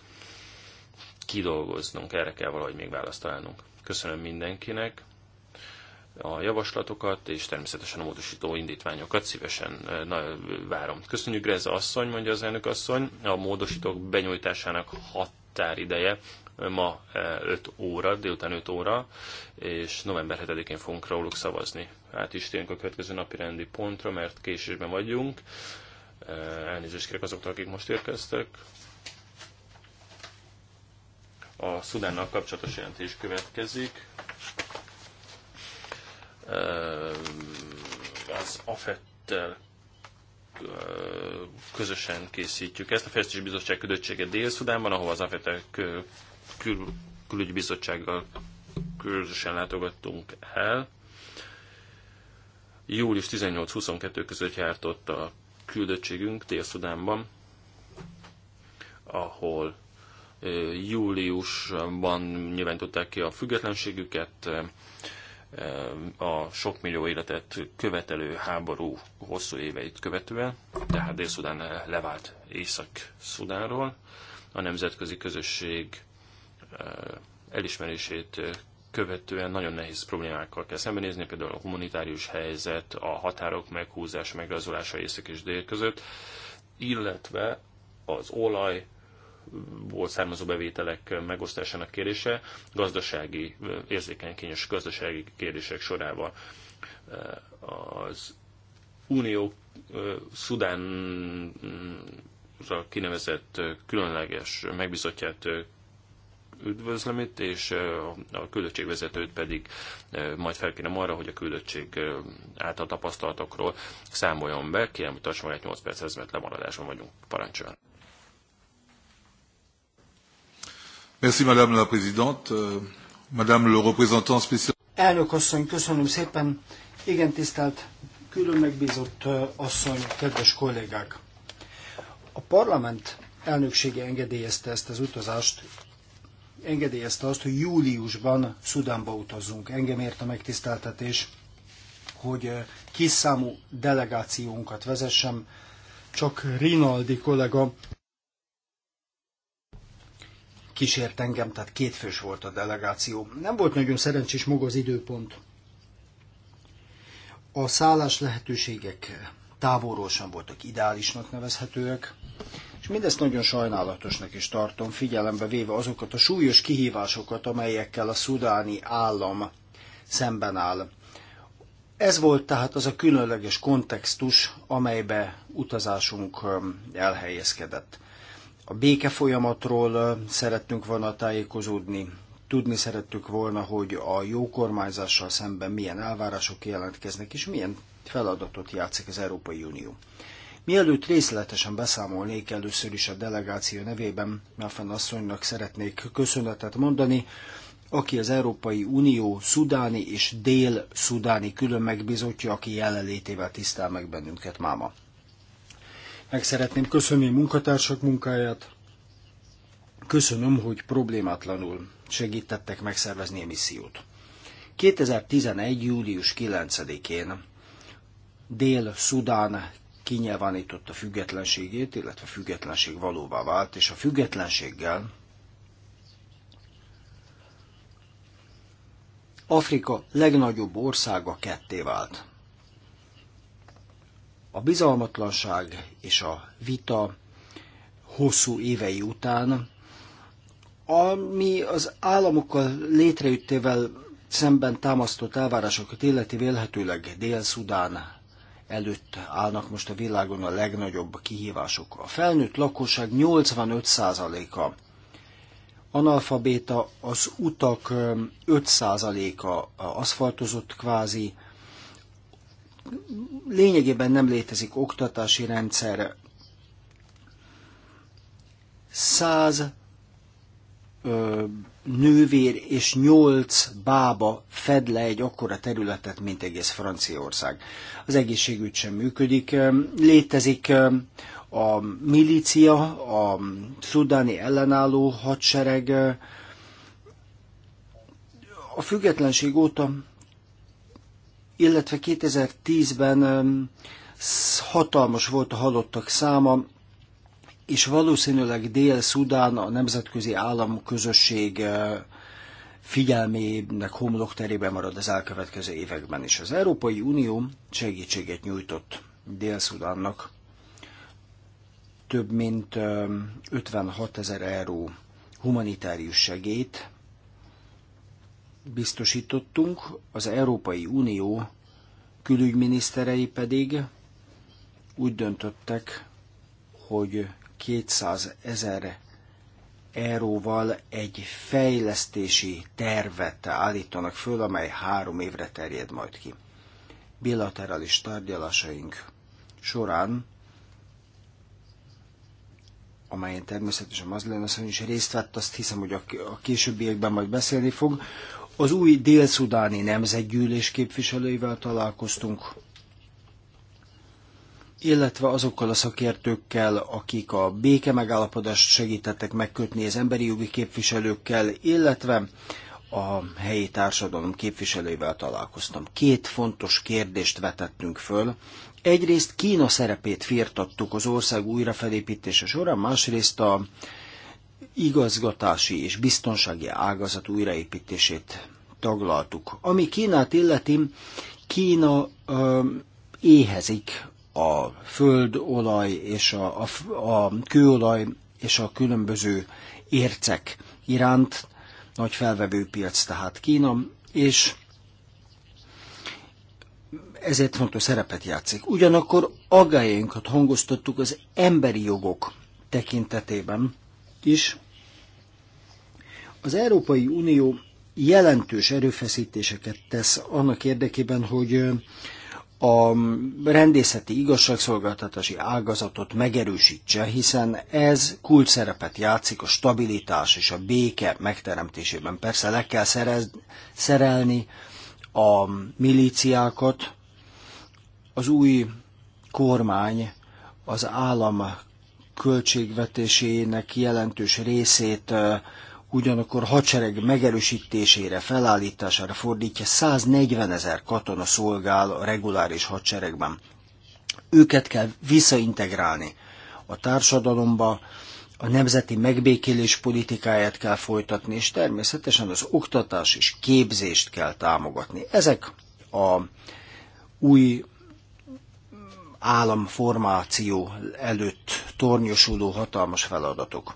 kidolgoznunk, erre kell valahogy még választ találnunk. Köszönöm mindenkinek, a javaslatokat, és természetesen a módosító indítványokat szívesen eh, na, várom. Köszönjük Greza asszony, mondja az elnök asszony. A módosítók benyújtásának határideje eh, ma 5 eh, óra, délután 5 óra, és november 7-én fogunk róluk szavazni. Hát is térünk a következő napi rendi pontra, mert késésben vagyunk. Elnézést kérek azoktól, akik most érkeztek. A Szudánnal kapcsolatos jelentés következik az afettel közösen készítjük ezt. A Fejlesztési Bizottság ködöttsége Dél-Szudánban, ahova az afet kül, külügyi bizottsággal közösen látogattunk el. Július 18-22 között járt ott a küldöttségünk Dél-Szudánban, ahol júliusban nyilván tudták ki a függetlenségüket, a sok millió életet követelő háború hosszú éveit követően, tehát Dél-Szudán levált Észak-Szudánról, a nemzetközi közösség eh, elismerését követően nagyon nehéz problémákkal kell szembenézni, például a humanitárius helyzet, a határok meghúzása, megrazolása észak és dél között, illetve az olaj, ból származó bevételek megosztásának kérése gazdasági, érzékeny kényes gazdasági kérdések sorával az Unió Szudán kinevezett különleges megbizotját üdvözlöm itt, és a küldöttségvezetőt pedig majd felkérem arra, hogy a küldöttség által tapasztalatokról számoljon be. Kérem, hogy tartsa magát 8 ez mert lemaradásban vagyunk. Parancsoljon! Merci, Madame la Présidente. Euh, Madame le représentant spécial. Elnök asszony, köszönöm szépen. Igen, tisztelt külön megbízott asszony, kedves kollégák. A parlament elnöksége engedélyezte ezt az utazást, engedélyezte azt, hogy júliusban Szudánba utazzunk. Engem ért a megtiszteltetés, hogy kis számú delegációnkat vezessem, csak Rinaldi kollega kísért engem, tehát kétfős volt a delegáció. Nem volt nagyon szerencsés maga az időpont. A szállás lehetőségek távolról sem voltak ideálisnak nevezhetőek, és mindezt nagyon sajnálatosnak is tartom, figyelembe véve azokat a súlyos kihívásokat, amelyekkel a szudáni állam szemben áll. Ez volt tehát az a különleges kontextus, amelybe utazásunk um, elhelyezkedett. A béke folyamatról szerettünk volna tájékozódni. Tudni szerettük volna, hogy a jó kormányzással szemben milyen elvárások jelentkeznek, és milyen feladatot játszik az Európai Unió. Mielőtt részletesen beszámolnék először is a delegáció nevében, Melfen asszonynak szeretnék köszönetet mondani, aki az Európai Unió szudáni és dél-szudáni külön megbizotja, aki jelenlétével tisztel meg bennünket máma. Meg szeretném köszönni munkatársak munkáját. Köszönöm, hogy problémátlanul segítettek megszervezni a missziót. 2011. július 9-én Dél-Szudán kinyilvánította függetlenségét, illetve függetlenség valóvá vált, és a függetlenséggel Afrika legnagyobb országa ketté vált. A bizalmatlanság és a vita hosszú évei után, ami az államokkal létrejöttével szemben támasztott elvárásokat illeti vélhetőleg Dél-Szudán előtt állnak most a világon a legnagyobb kihívások. A felnőtt lakosság 85%-a analfabéta, az utak 5%-a aszfaltozott kvázi, lényegében nem létezik oktatási rendszer. 100 nővér és 8 bába fed le egy akkora területet, mint egész Franciaország. Az egészségügy sem működik. Létezik a milícia, a szudáni ellenálló hadsereg. A függetlenség óta illetve 2010-ben hatalmas volt a halottak száma, és valószínűleg Dél-Szudán a nemzetközi államközösség figyelmének homlokterében marad az elkövetkező években is. Az Európai Unió segítséget nyújtott Dél-Szudánnak több mint 56 ezer euró humanitárius segét, biztosítottunk, az Európai Unió külügyminiszterei pedig úgy döntöttek, hogy 200 ezer euróval egy fejlesztési tervet állítanak föl, amely három évre terjed majd ki. Bilaterális tárgyalásaink során, amelyen természetesen Mazlén asszony is részt vett, azt hiszem, hogy a későbbiekben majd beszélni fog, az új dél-szudáni nemzetgyűlés képviselőivel találkoztunk, illetve azokkal a szakértőkkel, akik a béke megállapodást segítettek megkötni az emberi jogi képviselőkkel, illetve a helyi társadalom képviselőivel találkoztam. Két fontos kérdést vetettünk föl. Egyrészt Kína szerepét firtattuk az ország újrafelépítése során, másrészt a igazgatási és biztonsági ágazat újraépítését taglaltuk. Ami Kínát illeti, Kína ö, éhezik a földolaj és a, a, a kőolaj és a különböző ércek iránt, nagy felvevő piac tehát Kína, és ezért fontos szerepet játszik. Ugyanakkor aggájainkat hangoztattuk az emberi jogok tekintetében is, az Európai Unió jelentős erőfeszítéseket tesz annak érdekében, hogy a rendészeti igazságszolgáltatási ágazatot megerősítse, hiszen ez kult szerepet játszik a stabilitás és a béke megteremtésében. Persze le kell szerez, szerelni a milíciákat. Az új kormány az állam költségvetésének jelentős részét ugyanakkor hadsereg megerősítésére, felállítására fordítja 140 ezer katona szolgál a reguláris hadseregben. Őket kell visszaintegrálni a társadalomba, a nemzeti megbékélés politikáját kell folytatni, és természetesen az oktatás és képzést kell támogatni. Ezek a új államformáció előtt tornyosuló hatalmas feladatok.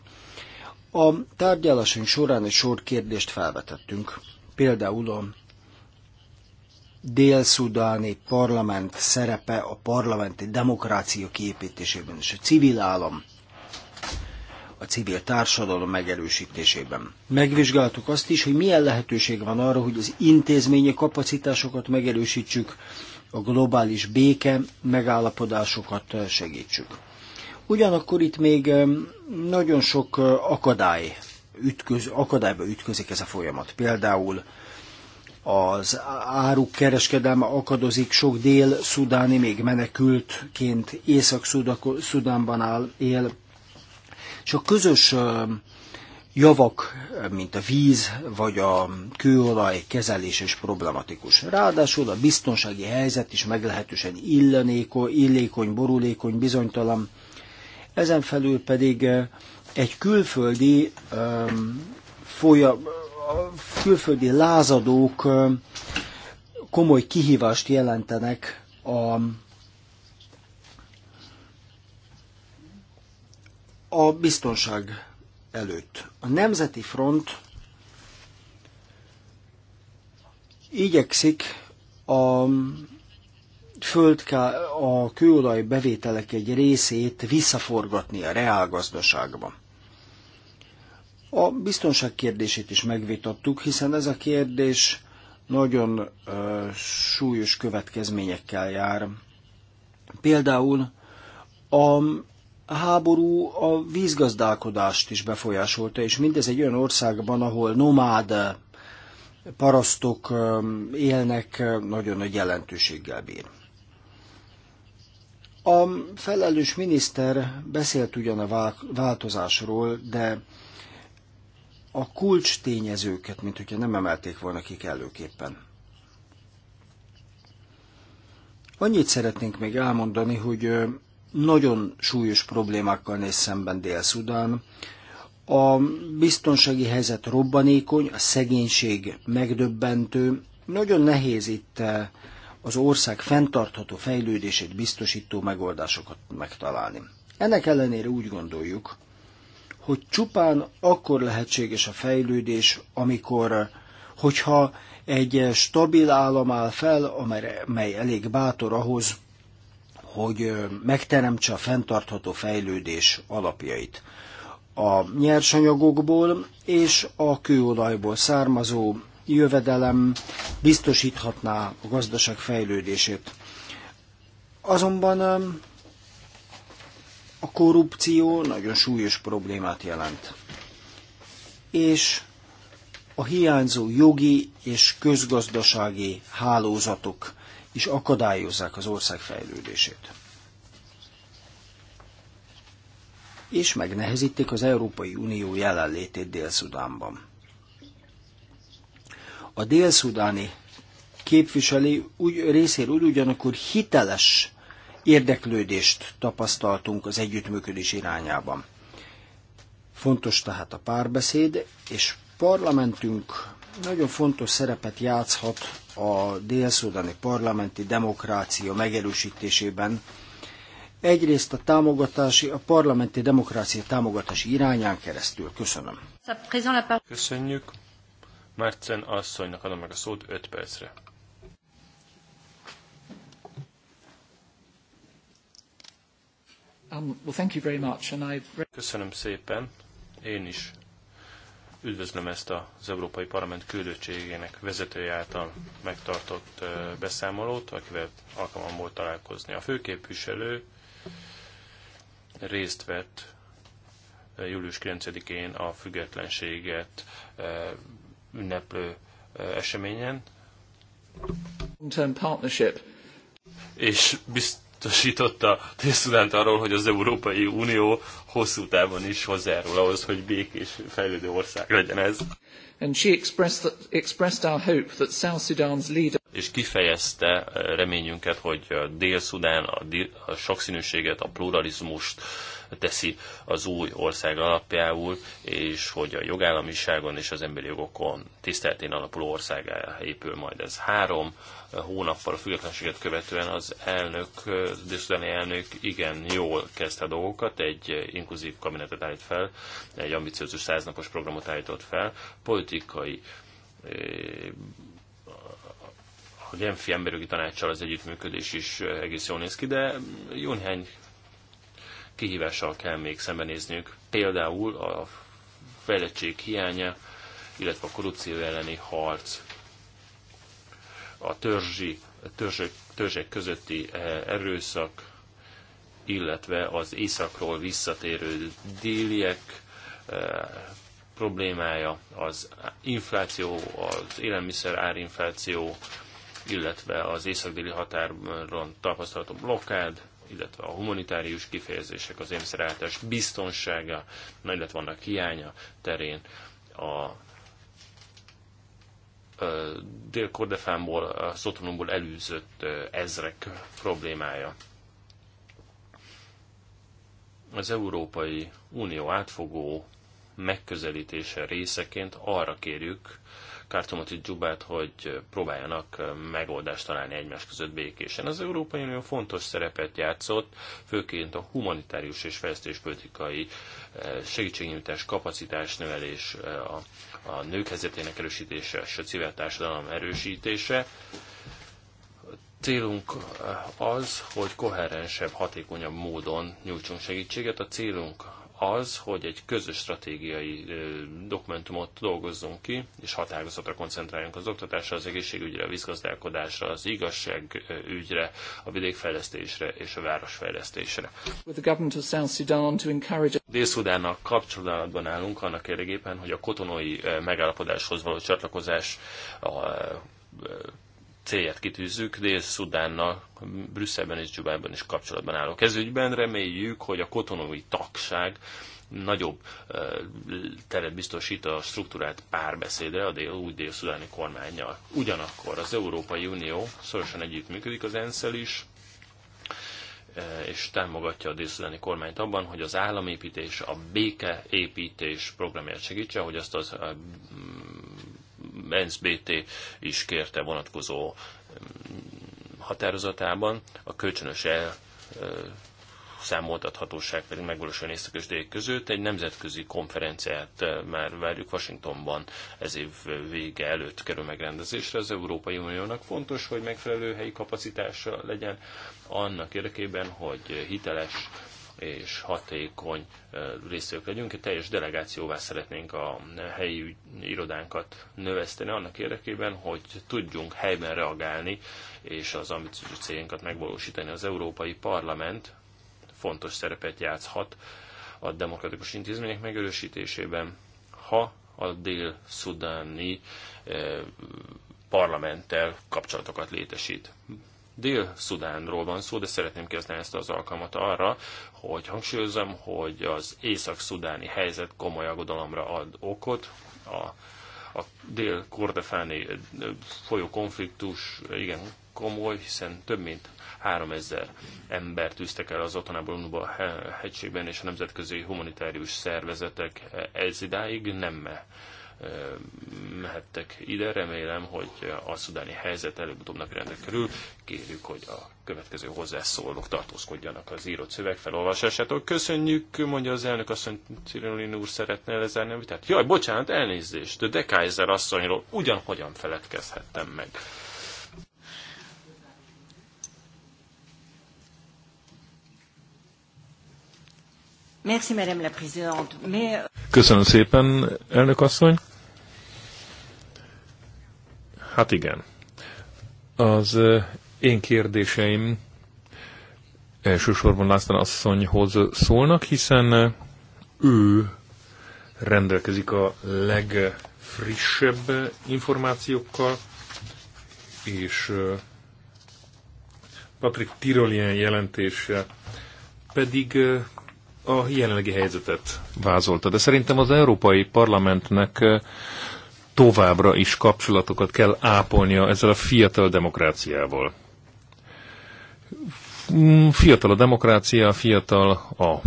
A tárgyalásunk során egy sor kérdést felvetettünk. Például a dél-szudáni parlament szerepe a parlamenti demokrácia kiépítésében és a civil állam, a civil társadalom megerősítésében. Megvizsgáltuk azt is, hogy milyen lehetőség van arra, hogy az intézményi kapacitásokat megerősítsük, a globális béke megállapodásokat segítsük. Ugyanakkor itt még nagyon sok akadály ütköz, akadályba ütközik ez a folyamat. Például az áruk kereskedelme akadozik, sok dél-szudáni még menekültként Észak-Szudánban áll, él, és a közös javak, mint a víz vagy a kőolaj kezelés is problematikus. Ráadásul a biztonsági helyzet is meglehetősen illanéko, illékony, borulékony, bizonytalan, ezen felül pedig eh, egy külföldi um, külföldi lázadók eh, komoly kihívást jelentenek a a biztonság előtt. A Nemzeti Front igyekszik a földká, a kőolaj bevételek egy részét visszaforgatni a reálgazdaságba. A biztonság kérdését is megvitattuk, hiszen ez a kérdés nagyon uh, súlyos következményekkel jár. Például a háború a vízgazdálkodást is befolyásolta, és mindez egy olyan országban, ahol nomád parasztok élnek, nagyon nagy jelentőséggel bír. A felelős miniszter beszélt ugyan a változásról, de a kulcs tényezőket, mint hogyha nem emelték volna ki kellőképpen. Annyit szeretnénk még elmondani, hogy nagyon súlyos problémákkal néz szemben Dél-Szudán. A biztonsági helyzet robbanékony, a szegénység megdöbbentő. Nagyon nehéz itt az ország fenntartható fejlődését biztosító megoldásokat megtalálni. Ennek ellenére úgy gondoljuk, hogy csupán akkor lehetséges a fejlődés, amikor, hogyha egy stabil állam áll fel, amely elég bátor ahhoz, hogy megteremtse a fenntartható fejlődés alapjait. A nyersanyagokból és a kőolajból származó jövedelem biztosíthatná a gazdaság fejlődését. Azonban um, a korrupció nagyon súlyos problémát jelent. És a hiányzó jogi és közgazdasági hálózatok is akadályozzák az ország fejlődését. És megnehezítik az Európai Unió jelenlétét Dél-Szudánban a délszudáni képviseli úgy, részéről ugyanakkor hiteles érdeklődést tapasztaltunk az együttműködés irányában. Fontos tehát a párbeszéd, és parlamentünk nagyon fontos szerepet játszhat a délszudáni parlamenti demokrácia megerősítésében. Egyrészt a támogatási, a parlamenti demokrácia támogatási irányán keresztül. Köszönöm. Köszönjük. Márcen asszonynak adom meg a szót 5 percre. Um, well, thank you very much, and Köszönöm szépen. Én is üdvözlöm ezt az Európai Parlament küldöttségének vezetője által megtartott beszámolót, akivel alkalmam volt találkozni. A főképviselő részt vett július 9-én a függetlenséget ünneplő eseményen. Partnership. És biztosította Tészudánt arról, hogy az Európai Unió hosszú távon is hozzájárul ahhoz, hogy békés fejlődő ország legyen ez. And she expressed, expressed our hope that South Sudan's leader és kifejezte reményünket, hogy Dél-Szudán a, a sokszínűséget, a pluralizmust, teszi az új ország alapjául, és hogy a jogállamiságon és az emberi jogokon tiszteltén alapuló országá épül majd ez három hónappal a függetlenséget követően az elnök, Diszudáni elnök igen jól kezdte a dolgokat, egy inkluzív kabinetet állít fel, egy ambiciózus száznapos programot állított fel, politikai eh, a Genfi emberjogi tanácssal az együttműködés is egész jól néz ki, de jó néhány kihívással kell még szembenézniük. Például a fejlettség hiánya, illetve a korrupció elleni harc, a törzsi, törzsök, törzsek közötti eh, erőszak, illetve az északról visszatérő déliek eh, problémája, az infláció, az élelmiszer árinfláció, illetve az északdéli határon tapasztalható blokkád, illetve a humanitárius kifejezések, az émszerállítás biztonsága, illetve vannak hiánya terén a Dél-Kordefánból, a Szotonumból elűzött ezrek problémája. Az Európai Unió átfogó megközelítése részeként arra kérjük Kártumot és Dzsubát, hogy próbáljanak megoldást találni egymás között békésen. Az Európai Unió fontos szerepet játszott, főként a humanitárius és fejlesztéspolitikai eh, segítségnyújtás, kapacitás növelés, eh, a, a nők helyzetének erősítése és a civil társadalom erősítése célunk eh, az, hogy koherensebb, hatékonyabb módon nyújtsunk segítséget. A célunk az, hogy egy közös stratégiai dokumentumot dolgozzunk ki, és határozatra koncentráljunk az oktatásra, az egészségügyre, a vízgazdálkodásra, az igazságügyre, a vidékfejlesztésre és a városfejlesztésre. Dél-Szudánnak kapcsolatban állunk annak érdekében, hogy a kotonói megállapodáshoz való csatlakozás a célját kitűzzük, Dél-Szudánnal, Brüsszelben és Dzsubában is kapcsolatban állok. Ez ügyben reméljük, hogy a kotonói tagság nagyobb teret biztosít a struktúrált párbeszédre a dél, úgy dél-szudáni kormányjal. Ugyanakkor az Európai Unió szorosan együttműködik az ensz is, és támogatja a délszudáni kormányt abban, hogy az államépítés, a békeépítés programját segítse, hogy azt az NSBT is kérte vonatkozó mm, határozatában, a kölcsönös el számoltathatóság pedig megvalósuljon észak és dél között. Egy nemzetközi konferenciát már várjuk Washingtonban ez év vége előtt kerül megrendezésre. Az Európai Uniónak fontos, hogy megfelelő helyi kapacitása legyen annak érdekében, hogy hiteles és hatékony részvők legyünk. Egy teljes delegációvá szeretnénk a helyi irodánkat növeszteni annak érdekében, hogy tudjunk helyben reagálni és az ambiciózus céljainkat megvalósítani. Az Európai Parlament fontos szerepet játszhat a demokratikus intézmények megerősítésében, ha a dél-szudáni parlamenttel kapcsolatokat létesít. Dél-Szudánról van szó, de szeretném kezdeni ezt az alkalmat arra, hogy hangsúlyozom, hogy az észak-szudáni helyzet komoly aggodalomra ad okot. A, a dél-kordefáni folyó konfliktus igen komoly, hiszen több mint 3000 ember tűztek el az otthonából hegységben, és a nemzetközi humanitárius szervezetek e, ez idáig nem mehettek ide. Remélem, hogy a szudáni helyzet előbb-utóbb napirendre kerül. Kérjük, hogy a következő hozzászólók tartózkodjanak az írott szöveg felolvasásától. Köszönjük, mondja az elnök asszony, Cirilin úr szeretne lezárni a vitát. Jaj, bocsánat, elnézést, de Kaiser asszonyról ugyanhogyan feledkezhettem meg. Euh, Köszönöm szépen, elnök asszony. Hát igen. Az én kérdéseim elsősorban Lászlán asszonyhoz szólnak, hiszen ő rendelkezik a legfrissebb információkkal, és Patrik Tirolien jelentése pedig a jelenlegi helyzetet vázolta, de szerintem az Európai Parlamentnek eh, továbbra is kapcsolatokat kell ápolnia ezzel a fiatal demokráciával. Mm, fiatal a demokrácia, fiatal a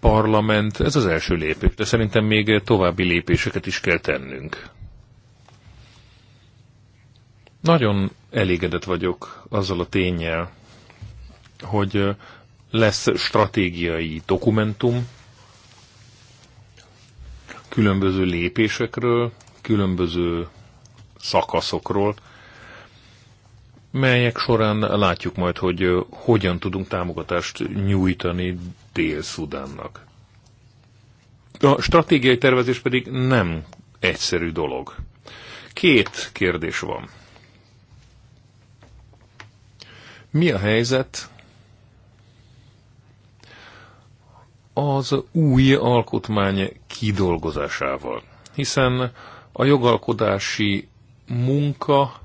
parlament, ez az első lépés, de szerintem még további lépéseket is kell tennünk. Nagyon elégedett vagyok azzal a tényel, hogy eh, lesz stratégiai dokumentum különböző lépésekről, különböző szakaszokról, melyek során látjuk majd, hogy hogyan tudunk támogatást nyújtani Dél-Szudánnak. A stratégiai tervezés pedig nem egyszerű dolog. Két kérdés van. Mi a helyzet az új alkotmány kidolgozásával, hiszen a jogalkodási munka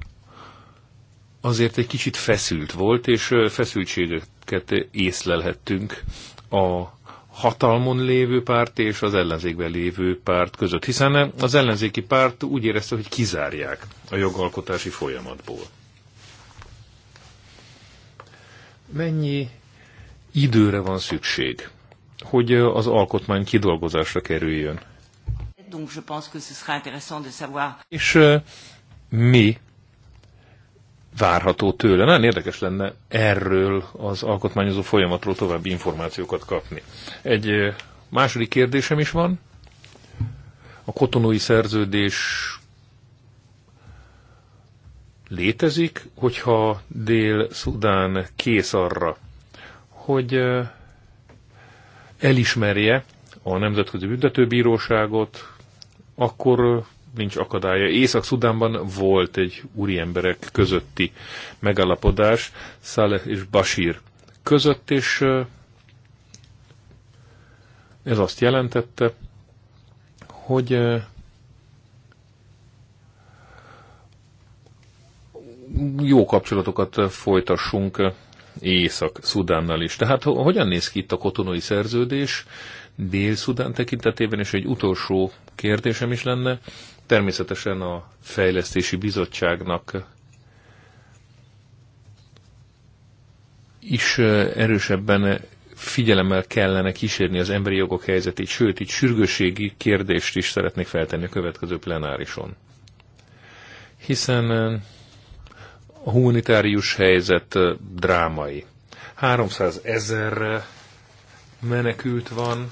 azért egy kicsit feszült volt, és feszültségeket észlelhettünk a hatalmon lévő párt és az ellenzékben lévő párt között, hiszen az ellenzéki párt úgy érezte, hogy kizárják a jogalkotási folyamatból. Mennyi időre van szükség hogy az alkotmány kidolgozásra kerüljön. Donc je pense que ce sera intéressant de savoir. És mi várható tőle? Nagyon érdekes lenne erről az alkotmányozó folyamatról további információkat kapni. Egy második kérdésem is van. A kotonói szerződés létezik, hogyha Dél-Szudán kész arra, hogy elismerje a Nemzetközi Büntetőbíróságot, akkor nincs akadálya. Észak-Szudánban volt egy úriemberek közötti megállapodás Saleh és Bashir között, és ez azt jelentette, hogy jó kapcsolatokat folytassunk Észak-Szudánnal is. Tehát hogyan néz ki itt a kotonói szerződés Dél-Szudán tekintetében, és egy utolsó kérdésem is lenne, természetesen a Fejlesztési Bizottságnak is erősebben figyelemmel kellene kísérni az emberi jogok helyzetét, sőt, itt sürgőségi kérdést is szeretnék feltenni a következő plenárison. Hiszen a humanitárius helyzet drámai. 300 ezer menekült van,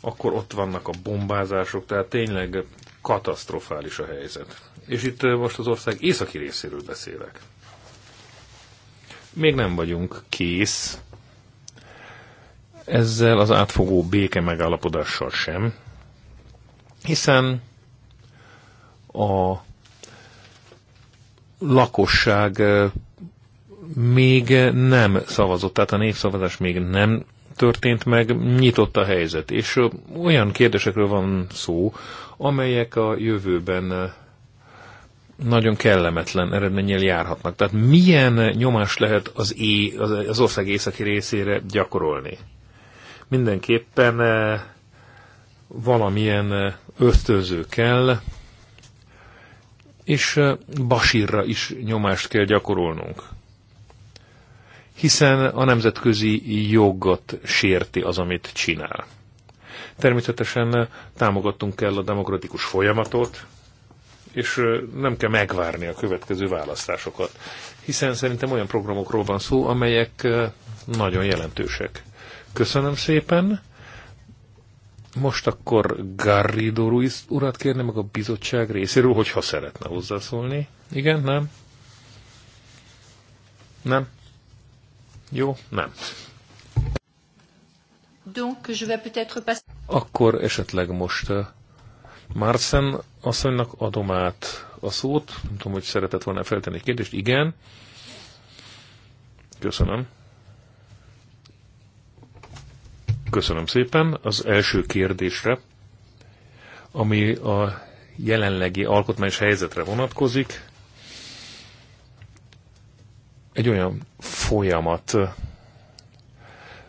akkor ott vannak a bombázások, tehát tényleg katasztrofális a helyzet. És itt most az ország északi részéről beszélek. Még nem vagyunk kész ezzel az átfogó béke megállapodással sem, hiszen a lakosság még nem szavazott, tehát a népszavazás még nem történt meg, nyitott a helyzet. És olyan kérdésekről van szó, amelyek a jövőben nagyon kellemetlen eredménnyel járhatnak. Tehát milyen nyomás lehet az, é, az ország északi részére gyakorolni? Mindenképpen valamilyen ösztönző kell, és Basírra is nyomást kell gyakorolnunk. Hiszen a nemzetközi jogot sérti az, amit csinál. Természetesen támogatunk kell a demokratikus folyamatot, és nem kell megvárni a következő választásokat. Hiszen szerintem olyan programokról van szó, amelyek nagyon jelentősek. Köszönöm szépen! Most akkor Garrido Ruiz urat kérne meg a bizottság részéről, hogyha szeretne hozzászólni. Igen, nem? Nem? Jó, nem. Donc, je vais peut-être passer... Akkor esetleg most eh, Marcen asszonynak adom át a szót. Nem tudom, hogy szeretett volna feltenni egy kérdést. Igen. Köszönöm. Köszönöm szépen. Az első kérdésre, ami a jelenlegi alkotmányos helyzetre vonatkozik, egy olyan folyamat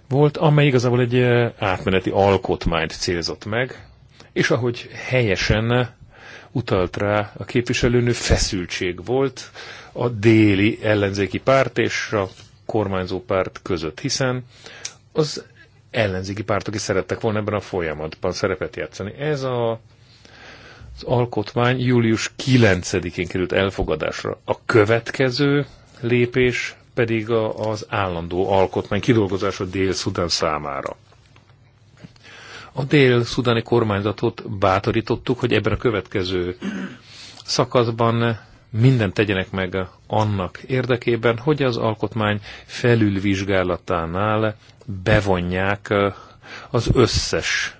volt, amely igazából egy eh, átmeneti alkotmányt célzott meg, és ahogy helyesen utalt rá a képviselőnő, feszültség volt a déli ellenzéki párt és a kormányzó párt között, hiszen az ellenzéki pártok is szerettek volna ebben a folyamatban szerepet játszani. Ez a, az alkotmány július 9-én került elfogadásra. A következő lépés pedig a, az állandó alkotmány kidolgozása Dél-Szudán számára. A dél-szudáni kormányzatot bátorítottuk, hogy ebben a következő szakaszban mindent tegyenek meg annak érdekében, hogy az alkotmány felülvizsgálatánál bevonják az összes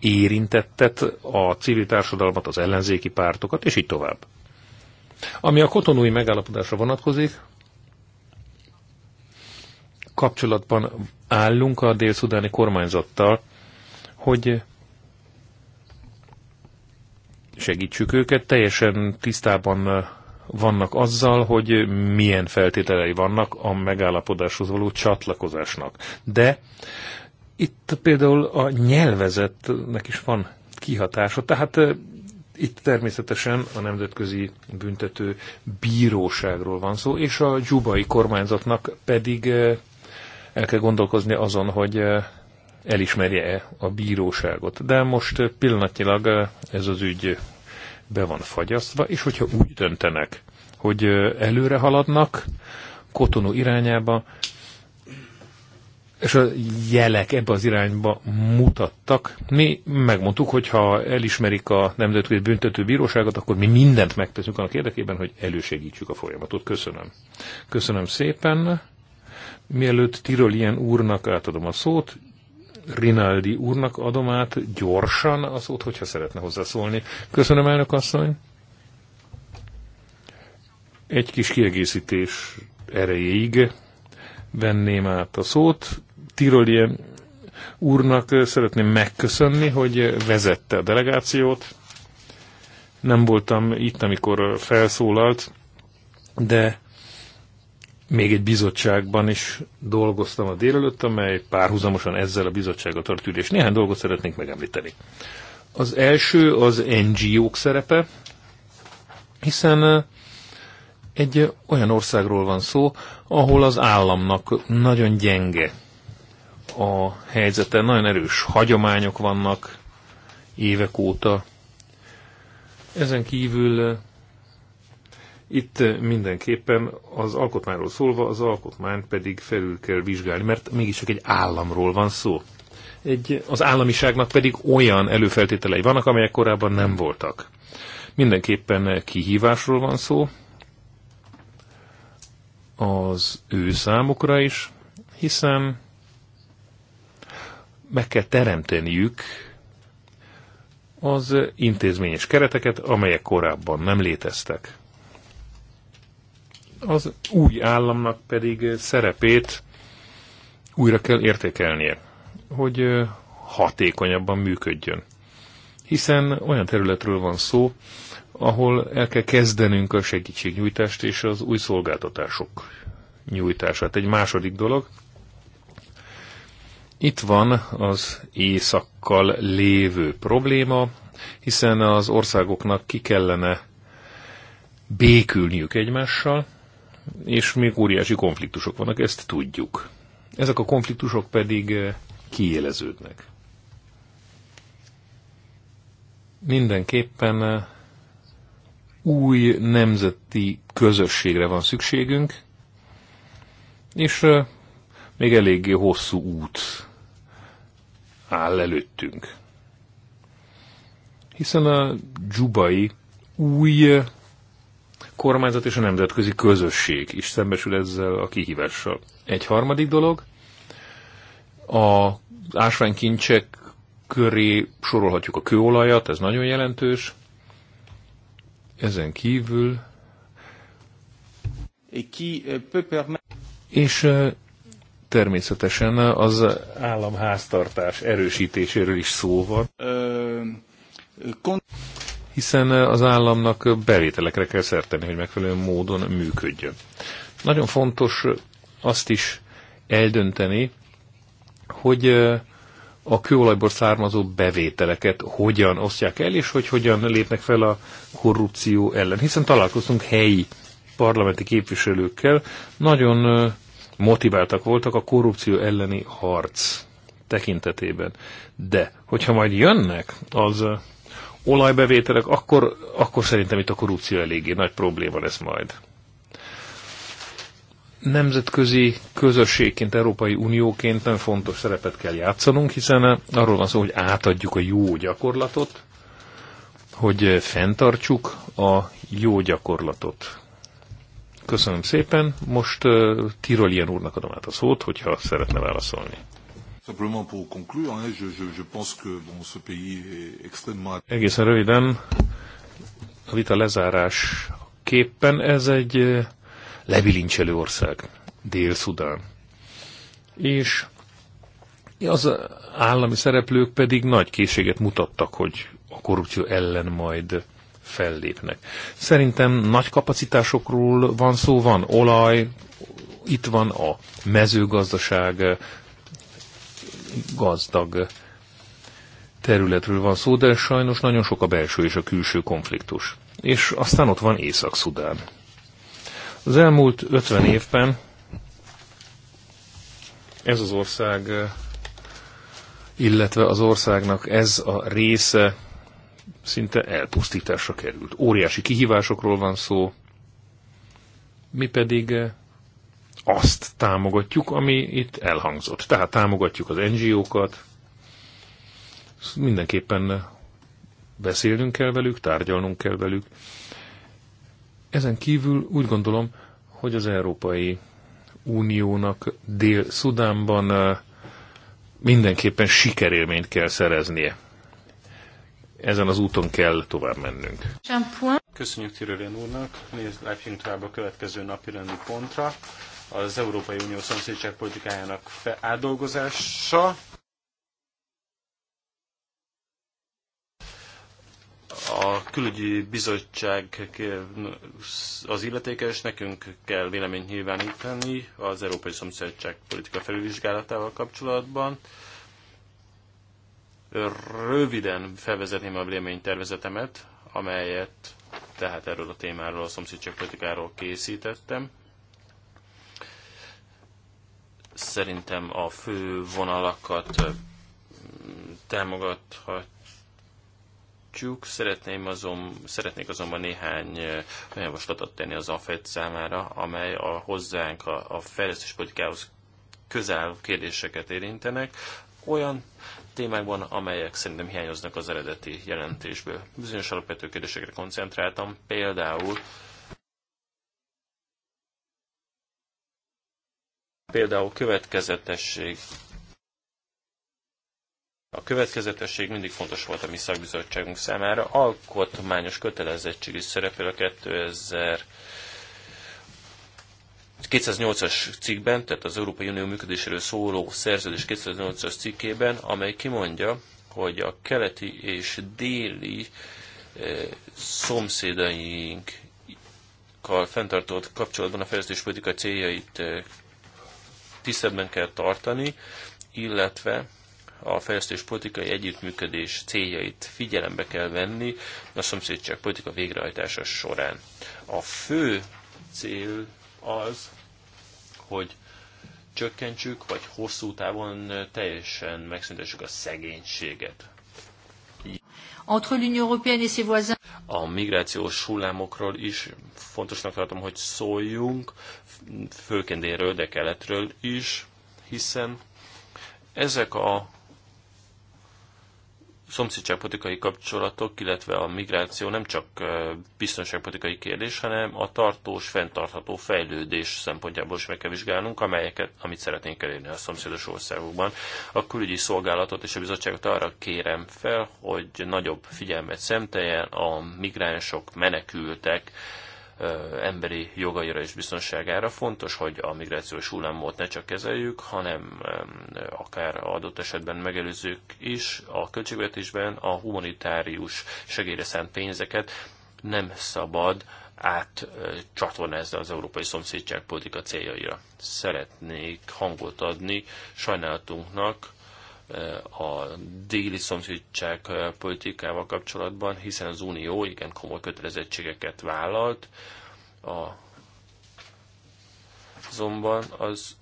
érintettet, a civil társadalmat, az ellenzéki pártokat, és így tovább. Ami a kotonói megállapodásra vonatkozik, kapcsolatban állunk a dél-szudáni kormányzattal, hogy segítsük őket, teljesen tisztában vannak azzal, hogy milyen feltételei vannak a megállapodáshoz való csatlakozásnak. De itt például a nyelvezetnek is van kihatása, tehát itt természetesen a Nemzetközi Büntető Bíróságról van szó, és a dzsubai kormányzatnak pedig el kell gondolkozni azon, hogy elismerje-e a bíróságot. De most pillanatnyilag ez az ügy be van fagyasztva, és hogyha úgy döntenek, hogy előre haladnak Kotonó irányába, és a jelek ebbe az irányba mutattak. Mi megmondtuk, hogy ha elismerik a Nemzetközi Büntető Bíróságot, akkor mi mindent megteszünk annak érdekében, hogy elősegítsük a folyamatot. Köszönöm. Köszönöm szépen. Mielőtt Tirolien úrnak átadom a szót, Rinaldi úrnak adom át gyorsan az ott, hogyha szeretne hozzászólni. Köszönöm, elnök asszony. Egy kis kiegészítés erejéig venném át a szót. Tiroli úrnak szeretném megköszönni, hogy vezette a delegációt. Nem voltam itt, amikor felszólalt, de még egy bizottságban is dolgoztam a délelőtt, amely párhuzamosan ezzel a bizottsággal tart ülés. Néhány dolgot szeretnék megemlíteni. Az első az NGO-k szerepe, hiszen eh, egy olyan országról van szó, ahol az államnak nagyon gyenge a helyzete, nagyon erős hagyományok vannak évek óta. Ezen kívül eh, itt mindenképpen az alkotmányról szólva, az alkotmány pedig felül kell vizsgálni, mert mégiscsak egy államról van szó. Egy, az államiságnak pedig olyan előfeltételei vannak, amelyek korábban nem voltak. Mindenképpen kihívásról van szó, az ő számukra is, hiszen meg kell teremteniük az intézményes kereteket, amelyek korábban nem léteztek az új államnak pedig szerepét újra kell értékelnie, hogy hatékonyabban működjön. Hiszen olyan területről van szó, ahol el kell kezdenünk a segítségnyújtást és az új szolgáltatások nyújtását. Egy második dolog, itt van az északkal lévő probléma, hiszen az országoknak ki kellene békülniük egymással, és még óriási konfliktusok vannak, ezt tudjuk. Ezek a konfliktusok pedig eh, kiéleződnek. Mindenképpen eh, új nemzeti közösségre van szükségünk, és eh, még eléggé hosszú út áll előttünk. Hiszen a dzsubai új kormányzat és a nemzetközi közösség is szembesül ezzel a kihívással. Egy harmadik dolog, a ásványkincsek köré sorolhatjuk a kőolajat, ez nagyon jelentős. Ezen kívül euh, és természetesen az államháztartás erősítéséről is szó van. Euh, euh, hiszen eh, az államnak bevételekre kell szerteni, hogy megfelelő módon működjön. Nagyon fontos eh, azt is eldönteni, hogy eh, a kőolajból származó bevételeket hogyan osztják el, és hogy hogyan lépnek fel a korrupció ellen. Hiszen találkoztunk helyi parlamenti képviselőkkel, nagyon motiváltak voltak a korrupció elleni harc tekintetében. De, hogyha majd jönnek az olajbevételek, akkor, akkor szerintem itt a korrupció eléggé nagy probléma lesz majd. Nemzetközi közösségként, Európai Unióként nem fontos szerepet kell játszanunk, hiszen arról van szó, hogy átadjuk a jó gyakorlatot, hogy fenntartsuk a jó gyakorlatot. Köszönöm szépen. Most uh, Tirolien úrnak adom át a szót, hogyha szeretne válaszolni. Simplement pour conclure, je, je, je pense que bon, ce pays est extrêmement... Egészen röviden, a vita lezárás képpen ez egy eh, lebilincselő ország, Dél-Szudán. És az állami szereplők pedig nagy készséget mutattak, hogy a korrupció ellen majd fellépnek. Szerintem nagy kapacitásokról van szó, van olaj, itt van a mezőgazdaság, gazdag területről van szó, de sajnos nagyon sok a belső és a külső konfliktus. És aztán ott van Észak-Szudán. Az elmúlt 50 évben ez az ország, illetve az országnak ez a része szinte elpusztításra került. Óriási kihívásokról van szó, mi pedig azt támogatjuk, ami itt elhangzott. Tehát támogatjuk az NGO-kat, mindenképpen beszélnünk kell velük, tárgyalnunk kell velük. Ezen kívül úgy gondolom, hogy az Európai Uniónak Dél-Szudánban eh, mindenképpen sikerélményt kell szereznie. Ezen az úton kell tovább mennünk. Köszönjük Tirolén úrnak, nézd, lépjünk tovább a következő napi rendi pontra az Európai Unió szomszédságpolitikájának átdolgozása. A külügyi bizottság az illetékes, nekünk kell véleményt nyilvánítani az Európai Szomszédság politika felülvizsgálatával kapcsolatban. Röviden felvezetném a véleménytervezetemet, amelyet tehát erről a témáról, a szomszédságpolitikáról készítettem. Szerintem a fő vonalakat támogathatjuk. Szeretném azon, szeretnék azonban néhány javaslatot tenni az AFED számára, amely a hozzánk a, a politikához közel kérdéseket érintenek, olyan témákban, amelyek szerintem hiányoznak az eredeti jelentésből. Bizonyos alapvető kérdésekre koncentráltam, például Például következetesség. A következetesség mindig fontos volt a mi szakbizottságunk számára. Alkotmányos kötelezettség is szerepel a 2000 208-as cikkben, tehát az Európai Unió működéséről szóló szerződés 208-as cikkében, amely kimondja, hogy a keleti és déli eh, szomszédainkkal fenntartott kapcsolatban a fejlesztéspolitika céljait eh, tiszteletben kell tartani, illetve a fejlesztés politikai együttműködés céljait figyelembe kell venni a szomszédság politika végrehajtása során. A fő cél az, hogy csökkentsük, vagy hosszú távon teljesen megszüntessük a szegénységet entre l'Union européenne et ses voisins. A migrációs hullámokról is fontosnak tartom, hogy szóljunk, főként délről, de keletről is, hiszen ezek a szomszédságpolitikai kapcsolatok, illetve a migráció nem csak biztonságpolitikai kérdés, hanem a tartós, fenntartható fejlődés szempontjából is meg kell vizsgálnunk, amelyeket, amit szeretnénk elérni a szomszédos országokban. A külügyi szolgálatot és a bizottságot arra kérem fel, hogy nagyobb figyelmet szemteljen a migránsok, menekültek, emberi jogaira és biztonságára. Fontos, hogy a migrációs hullámot ne csak kezeljük, hanem akár adott esetben megelőzzük is a költségvetésben a humanitárius segélyre szánt pénzeket nem szabad átcsatornázni az európai szomszédság politika céljaira. Szeretnék hangot adni sajnálatunknak, a déli szomszédság eh, politikával kapcsolatban, hiszen az Unió igen komoly kötelezettségeket vállalt, a, azonban az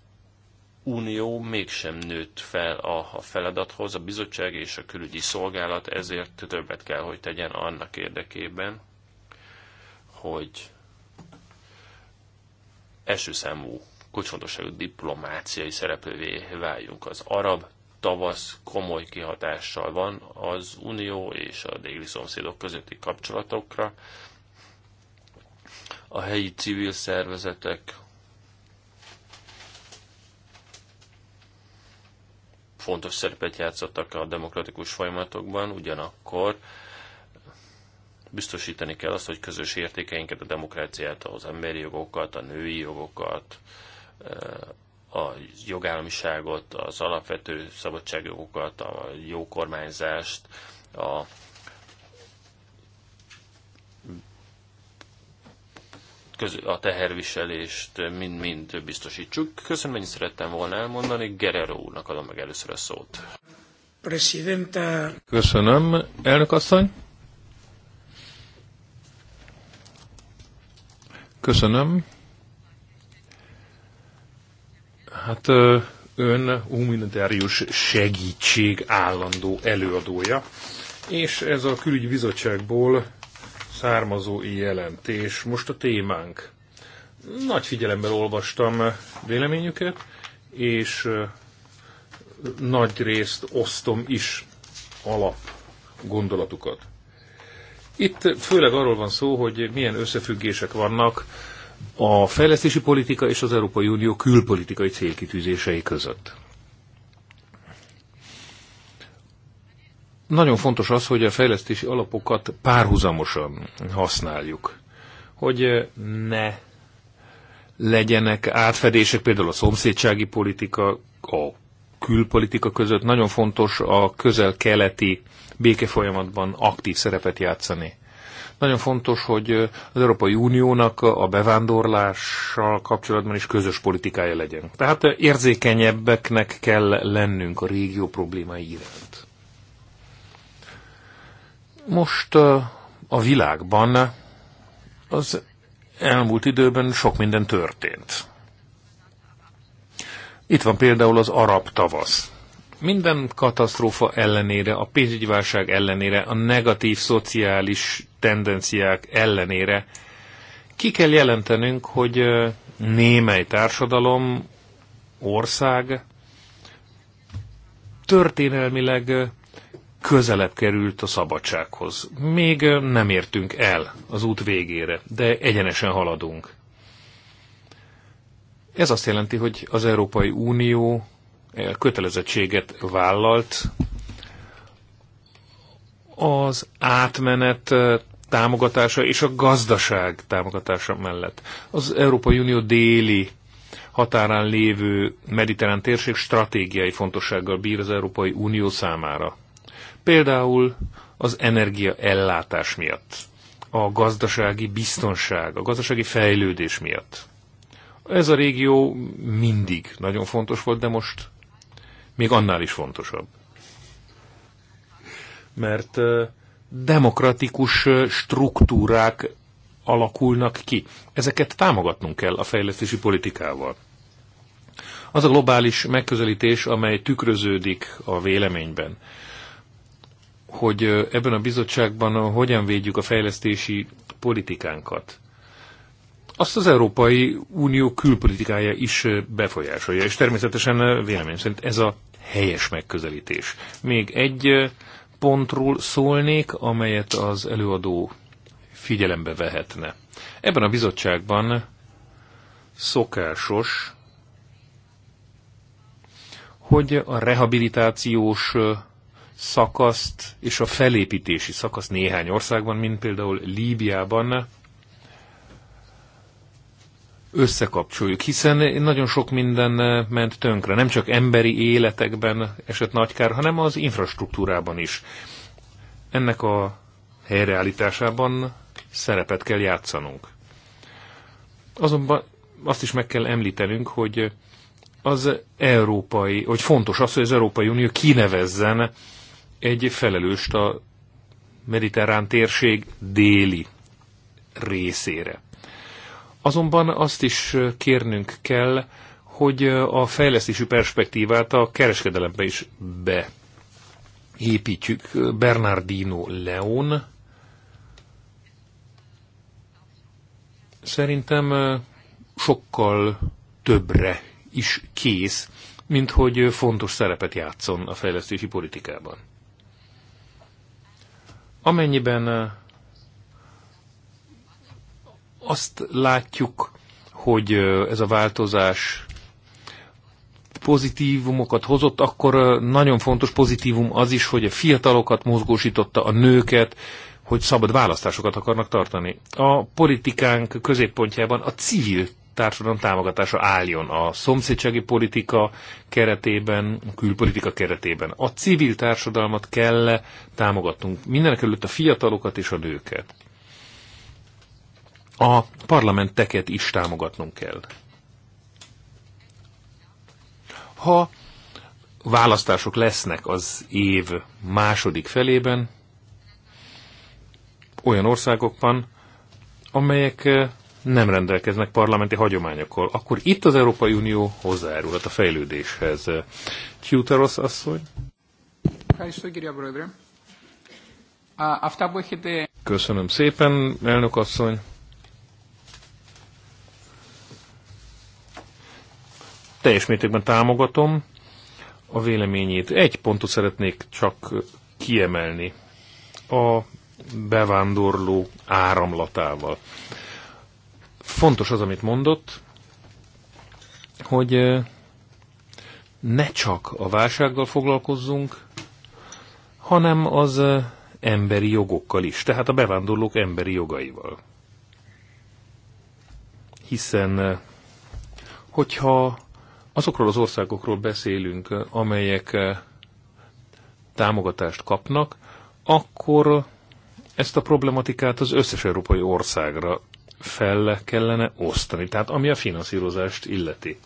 Unió mégsem nőtt fel a, a feladathoz, a bizottság és a külügyi szolgálat ezért többet kell, hogy tegyen annak érdekében, hogy esőszámú kulcsfontosságú diplomáciai szereplővé váljunk az arab tavasz komoly kihatással van az unió és a déli szomszédok közötti kapcsolatokra. A helyi civil szervezetek fontos szerepet játszottak a demokratikus folyamatokban, ugyanakkor biztosítani kell azt, hogy közös értékeinket, a demokráciát, az emberi jogokat, a női jogokat, a jogállamiságot, az alapvető szabadságjogokat, a jó kormányzást, a a teherviselést mind-mind biztosítsuk. Köszönöm, hogy szerettem volna elmondani. Gerero úrnak adom meg először a szót. Presidenta. Köszönöm, elnök asszony. Köszönöm. Hát ön humanitárius segítség állandó előadója, és ez a külügyi bizottságból származó jelentés most a témánk. Nagy figyelemmel olvastam véleményüket, és nagy részt osztom is alap gondolatukat. Itt főleg arról van szó, hogy milyen összefüggések vannak a fejlesztési politika és az Európai Unió külpolitikai célkitűzései között. Nagyon fontos az, hogy a fejlesztési alapokat párhuzamosan használjuk, hogy eh, ne legyenek átfedések, például a szomszédsági politika, a külpolitika között. Nagyon fontos a közel-keleti békefolyamatban aktív szerepet játszani. Nagyon fontos, hogy az Európai Uniónak a bevándorlással kapcsolatban is közös politikája legyen. Tehát érzékenyebbeknek kell lennünk a régió problémái iránt. Most a világban az elmúlt időben sok minden történt. Itt van például az arab tavasz. Minden katasztrófa ellenére, a pénzügyi válság ellenére, a negatív szociális tendenciák ellenére ki kell jelentenünk, hogy némely társadalom, ország történelmileg közelebb került a szabadsághoz. Még nem értünk el az út végére, de egyenesen haladunk. Ez azt jelenti, hogy az Európai Unió kötelezettséget vállalt az átmenet eh, támogatása és a gazdaság támogatása mellett. Az Európai Unió déli határán lévő mediterrán térség stratégiai fontossággal bír az Európai Unió számára. Például az energiaellátás miatt, a gazdasági biztonság, a gazdasági fejlődés miatt. Ez a régió mindig nagyon fontos volt, de most még annál is fontosabb. Mert demokratikus struktúrák alakulnak ki. Ezeket támogatnunk kell a fejlesztési politikával. Az a globális megközelítés, amely tükröződik a véleményben, hogy ebben a bizottságban hogyan védjük a fejlesztési politikánkat. Azt az Európai Unió külpolitikája is befolyásolja, és természetesen vélemény szerint ez a helyes megközelítés. Még egy pontról szólnék, amelyet az előadó figyelembe vehetne. Ebben a bizottságban szokásos, hogy a rehabilitációs szakaszt és a felépítési szakaszt néhány országban, mint például Líbiában összekapcsoljuk, hiszen nagyon sok minden eh, ment tönkre, nem csak emberi életekben esett nagy kár, hanem az infrastruktúrában is. Ennek a helyreállításában szerepet kell játszanunk. Azonban azt is meg kell említenünk, hogy az európai, hogy fontos az, hogy az Európai Unió kinevezzen egy felelőst a mediterrán térség déli részére. Azonban azt is kérnünk kell, hogy a fejlesztési perspektívát a kereskedelembe is beépítjük. Bernardino Leon szerintem sokkal többre is kész, mint hogy fontos szerepet játszon a fejlesztési politikában. Amennyiben azt látjuk, hogy ez a változás pozitívumokat hozott, akkor nagyon fontos pozitívum az is, hogy a fiatalokat mozgósította, a nőket, hogy szabad választásokat akarnak tartani. A politikánk középpontjában a civil társadalom támogatása álljon a szomszédsági politika keretében, a külpolitika keretében. A civil társadalmat kell támogatnunk. Mindenek előtt a fiatalokat és a nőket a parlamenteket is támogatnunk kell. Ha választások lesznek az év második felében, olyan országokban, amelyek eh, nem rendelkeznek parlamenti hagyományokkal, akkor itt az Európai Unió hozzájárulhat a fejlődéshez. Tyúterosz asszony? Köszönöm szépen, elnök asszony. teljes mértékben támogatom a véleményét. Egy pontot szeretnék csak kiemelni. A bevándorló áramlatával. Fontos az, amit mondott, hogy ne csak a válsággal foglalkozzunk, hanem az emberi jogokkal is, tehát a bevándorlók emberi jogaival. Hiszen, hogyha azokról az országokról beszélünk, amelyek eh, támogatást kapnak, akkor ezt a problematikát az összes európai országra fel kellene osztani, tehát ami a finanszírozást illeti.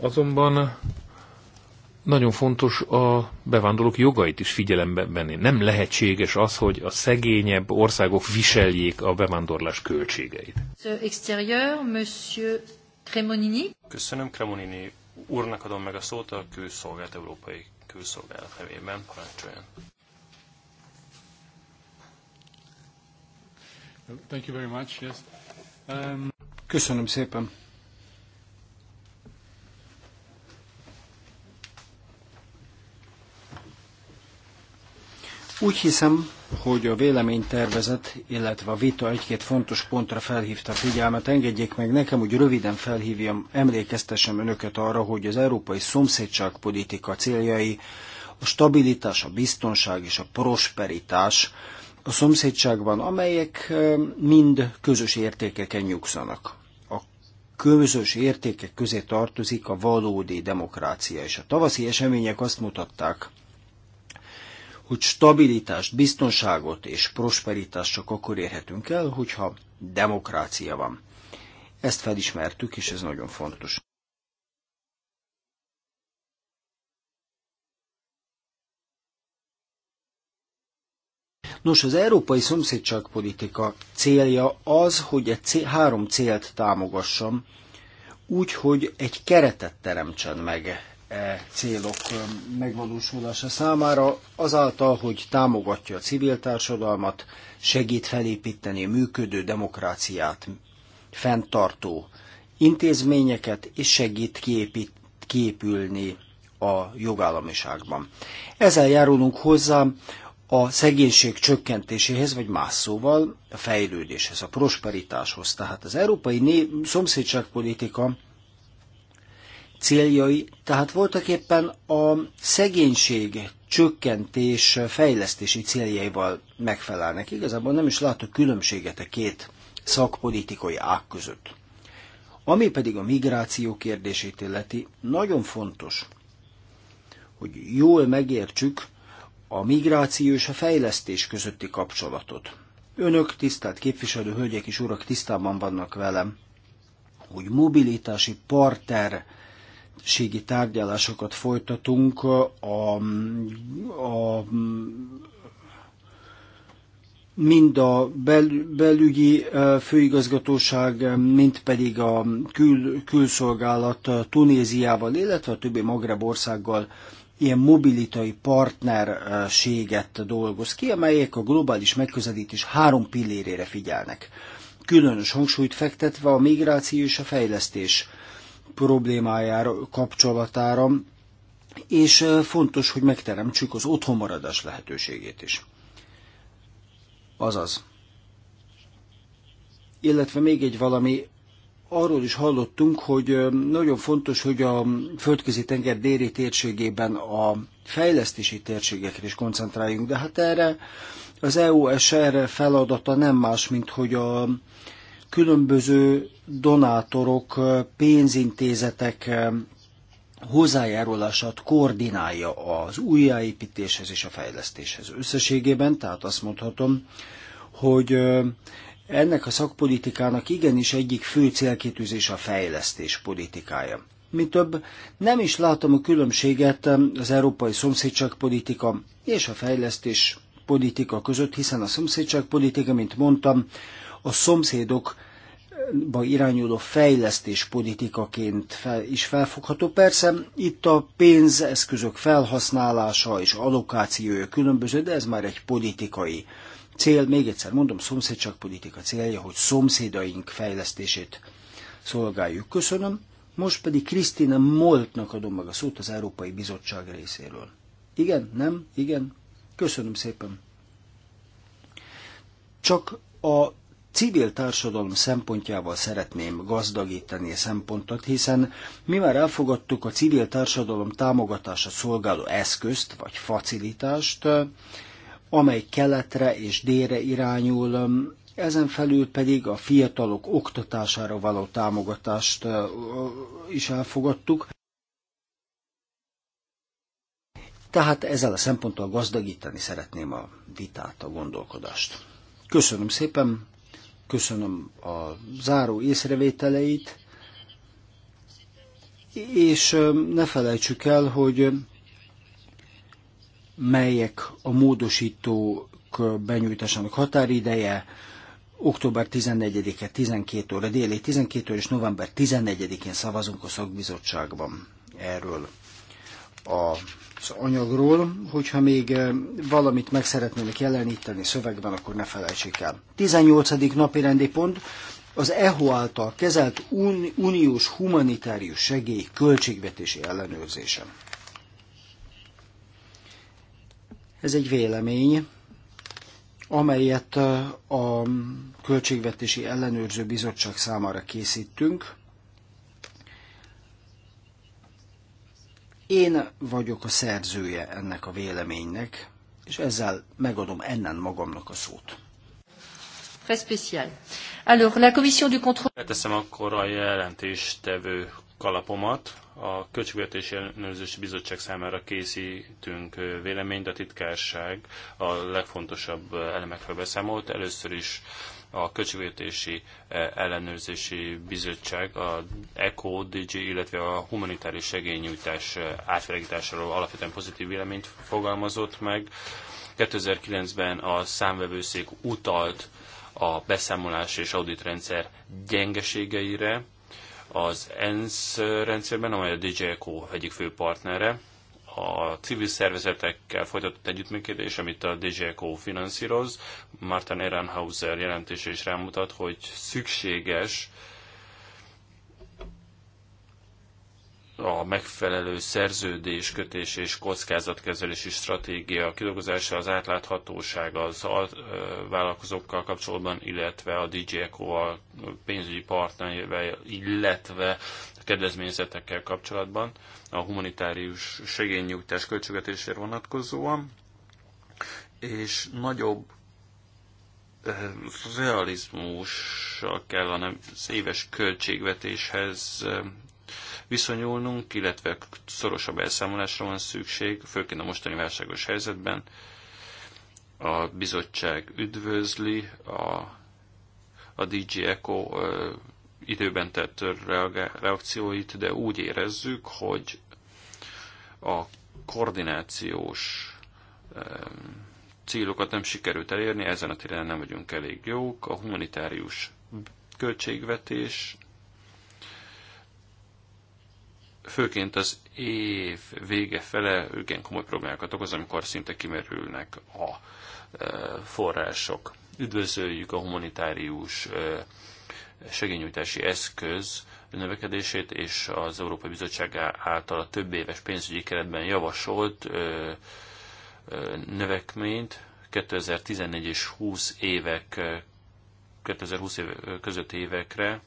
Azonban nagyon fontos a bevándorlók jogait is figyelembe venni. Nem lehetséges az, hogy a szegényebb országok viseljék a bevándorlás költségeit. Exterior, monsieur Cremonini. Köszönöm, Cremonini úrnak adom meg a szót a külszolgált európai külszolgálat nevében. Parancsoljon. Thank you very much. Yes. Um... Köszönöm szépen. Úgy hiszem, hogy a véleménytervezet, illetve a vita egy-két fontos pontra felhívta a figyelmet. Engedjék meg nekem, hogy röviden felhívjam, emlékeztessem önöket arra, hogy az európai szomszédságpolitika céljai a stabilitás, a biztonság és a prosperitás a szomszédságban, amelyek mind közös értékeken nyugszanak. A közös értékek közé tartozik a valódi demokrácia, és a tavaszi események azt mutatták, hogy stabilitást, biztonságot és prosperitást csak akkor érhetünk el, hogyha demokrácia van. Ezt felismertük, és ez nagyon fontos. Nos, az európai szomszédságpolitika célja az, hogy egy cél, három célt támogassam, úgy, hogy egy keretet teremtsen meg E célok e, megvalósulása számára, azáltal, hogy támogatja a civil társadalmat, segít felépíteni működő demokráciát, fenntartó intézményeket, és segít kiépít, kiépülni a jogállamiságban. Ezzel járulunk hozzá a szegénység csökkentéséhez, vagy más szóval a fejlődéshez, a prosperitáshoz. Tehát az európai né- szomszédságpolitika céljai, tehát voltak éppen a szegénység csökkentés fejlesztési céljaival megfelelnek. Igazából nem is látok különbséget a két szakpolitikai ág között. Ami pedig a migráció kérdését illeti, nagyon fontos, hogy jól megértsük a migráció és a fejlesztés közötti kapcsolatot. Önök, tisztelt képviselő hölgyek és urak tisztában vannak velem, hogy mobilitási partner ségi tárgyalásokat folytatunk a, a mind a bel, belügyi főigazgatóság, mint pedig a kül, külszolgálat Tunéziával, illetve a többi Magreb országgal ilyen mobilitai partnerséget dolgoz ki, amelyek a globális megközelítés három pillérére figyelnek. Különös hangsúlyt fektetve a migráció és a fejlesztés problémájára, kapcsolatára, és fontos, hogy megteremtsük az otthonmaradás lehetőségét is. Azaz. Illetve még egy valami, arról is hallottunk, hogy nagyon fontos, hogy a földközi tenger déli térségében a fejlesztési térségekre is koncentráljunk, de hát erre az EUSR feladata nem más, mint hogy a különböző donátorok, pénzintézetek hozzájárulását koordinálja az újjáépítéshez és a fejlesztéshez összességében, tehát azt mondhatom, hogy ennek a szakpolitikának igenis egyik fő célkétűzés a fejlesztés politikája. Mi több, nem is látom a különbséget az európai szomszédságpolitika és a fejlesztés politika között, hiszen a szomszédságpolitika, mint mondtam, a szomszédok irányuló fejlesztés politikaként fel, is felfogható. Persze itt a pénzeszközök felhasználása és allokációja különböző, de ez már egy politikai cél. Még egyszer mondom, politika célja, hogy szomszédaink fejlesztését szolgáljuk. Köszönöm. Most pedig Krisztina Moltnak adom meg a szót az Európai Bizottság részéről. Igen? Nem? Igen? Köszönöm szépen. Csak a civil társadalom szempontjával szeretném gazdagítani a szempontot, hiszen mi már elfogadtuk a civil társadalom támogatása szolgáló eszközt vagy facilitást, amely keletre és délre irányul, ezen felül pedig a fiatalok oktatására való támogatást is elfogadtuk. Tehát ezzel a szemponttal gazdagítani szeretném a vitát, a gondolkodást. Köszönöm szépen, köszönöm a záró észrevételeit, és ne felejtsük el, hogy melyek a módosítók benyújtásának határideje, október 14-e 12 óra, déli 12 óra és november 14-én szavazunk a szakbizottságban erről a az anyagról, hogyha még eh, valamit meg szeretnének jeleníteni szövegben, akkor ne felejtsék el. 18. napi rendi pont, az EHO által kezelt uniós humanitárius segély költségvetési ellenőrzése. Ez egy vélemény, amelyet eh, a Költségvetési Ellenőrző Bizottság számára készítünk. Én vagyok a szerzője ennek a véleménynek, és ezzel megadom ennen magamnak a szót. Très Alors, la commission du contrôle... Leteszem akkor a jelentéstevő kalapomat. A Költségvetési Ellenőrzési Bizottság számára készítünk véleményt, a titkárság a legfontosabb elemekről beszámolt. Először is a Költségvetési eh, Ellenőrzési Bizottság, a ECO, DG, illetve a humanitárius segélynyújtás eh, átfelegításáról alapvetően pozitív véleményt fogalmazott meg. 2009-ben a számvevőszék utalt a beszámolás és auditrendszer gyengeségeire az ENSZ eh, rendszerben, amely a DJ Eco egyik fő partnere a civil szervezetekkel folytatott együttműködés, amit a DGECO finanszíroz, Martin Ehrenhauser jelentése is rámutat, hogy szükséges a megfelelő szerződés, kötés és kockázatkezelési stratégia kidolgozása, az átláthatóság az a vállalkozókkal kapcsolatban, illetve a DJ eco pénzügyi partnerével, illetve a kedvezményezetekkel kapcsolatban, a humanitárius segélynyújtás költségvetésére vonatkozóan, és nagyobb realizmussal kellene az éves költségvetéshez viszonyulnunk, illetve szorosabb elszámolásra van szükség, főként a mostani válságos helyzetben. A bizottság üdvözli a, a DG Eco időben tett reakcióit, de úgy érezzük, hogy a koordinációs célokat nem sikerült elérni, ezen a téren nem vagyunk elég jók, a humanitárius költségvetés főként az év vége fele igen komoly problémákat okoz, amikor szinte kimerülnek a e, források. Üdvözöljük a humanitárius e, segényújtási eszköz növekedését és az Európai Bizottság által a több éves pénzügyi keretben javasolt e, növekményt 2014 és 20 évek 2020 év, között évekre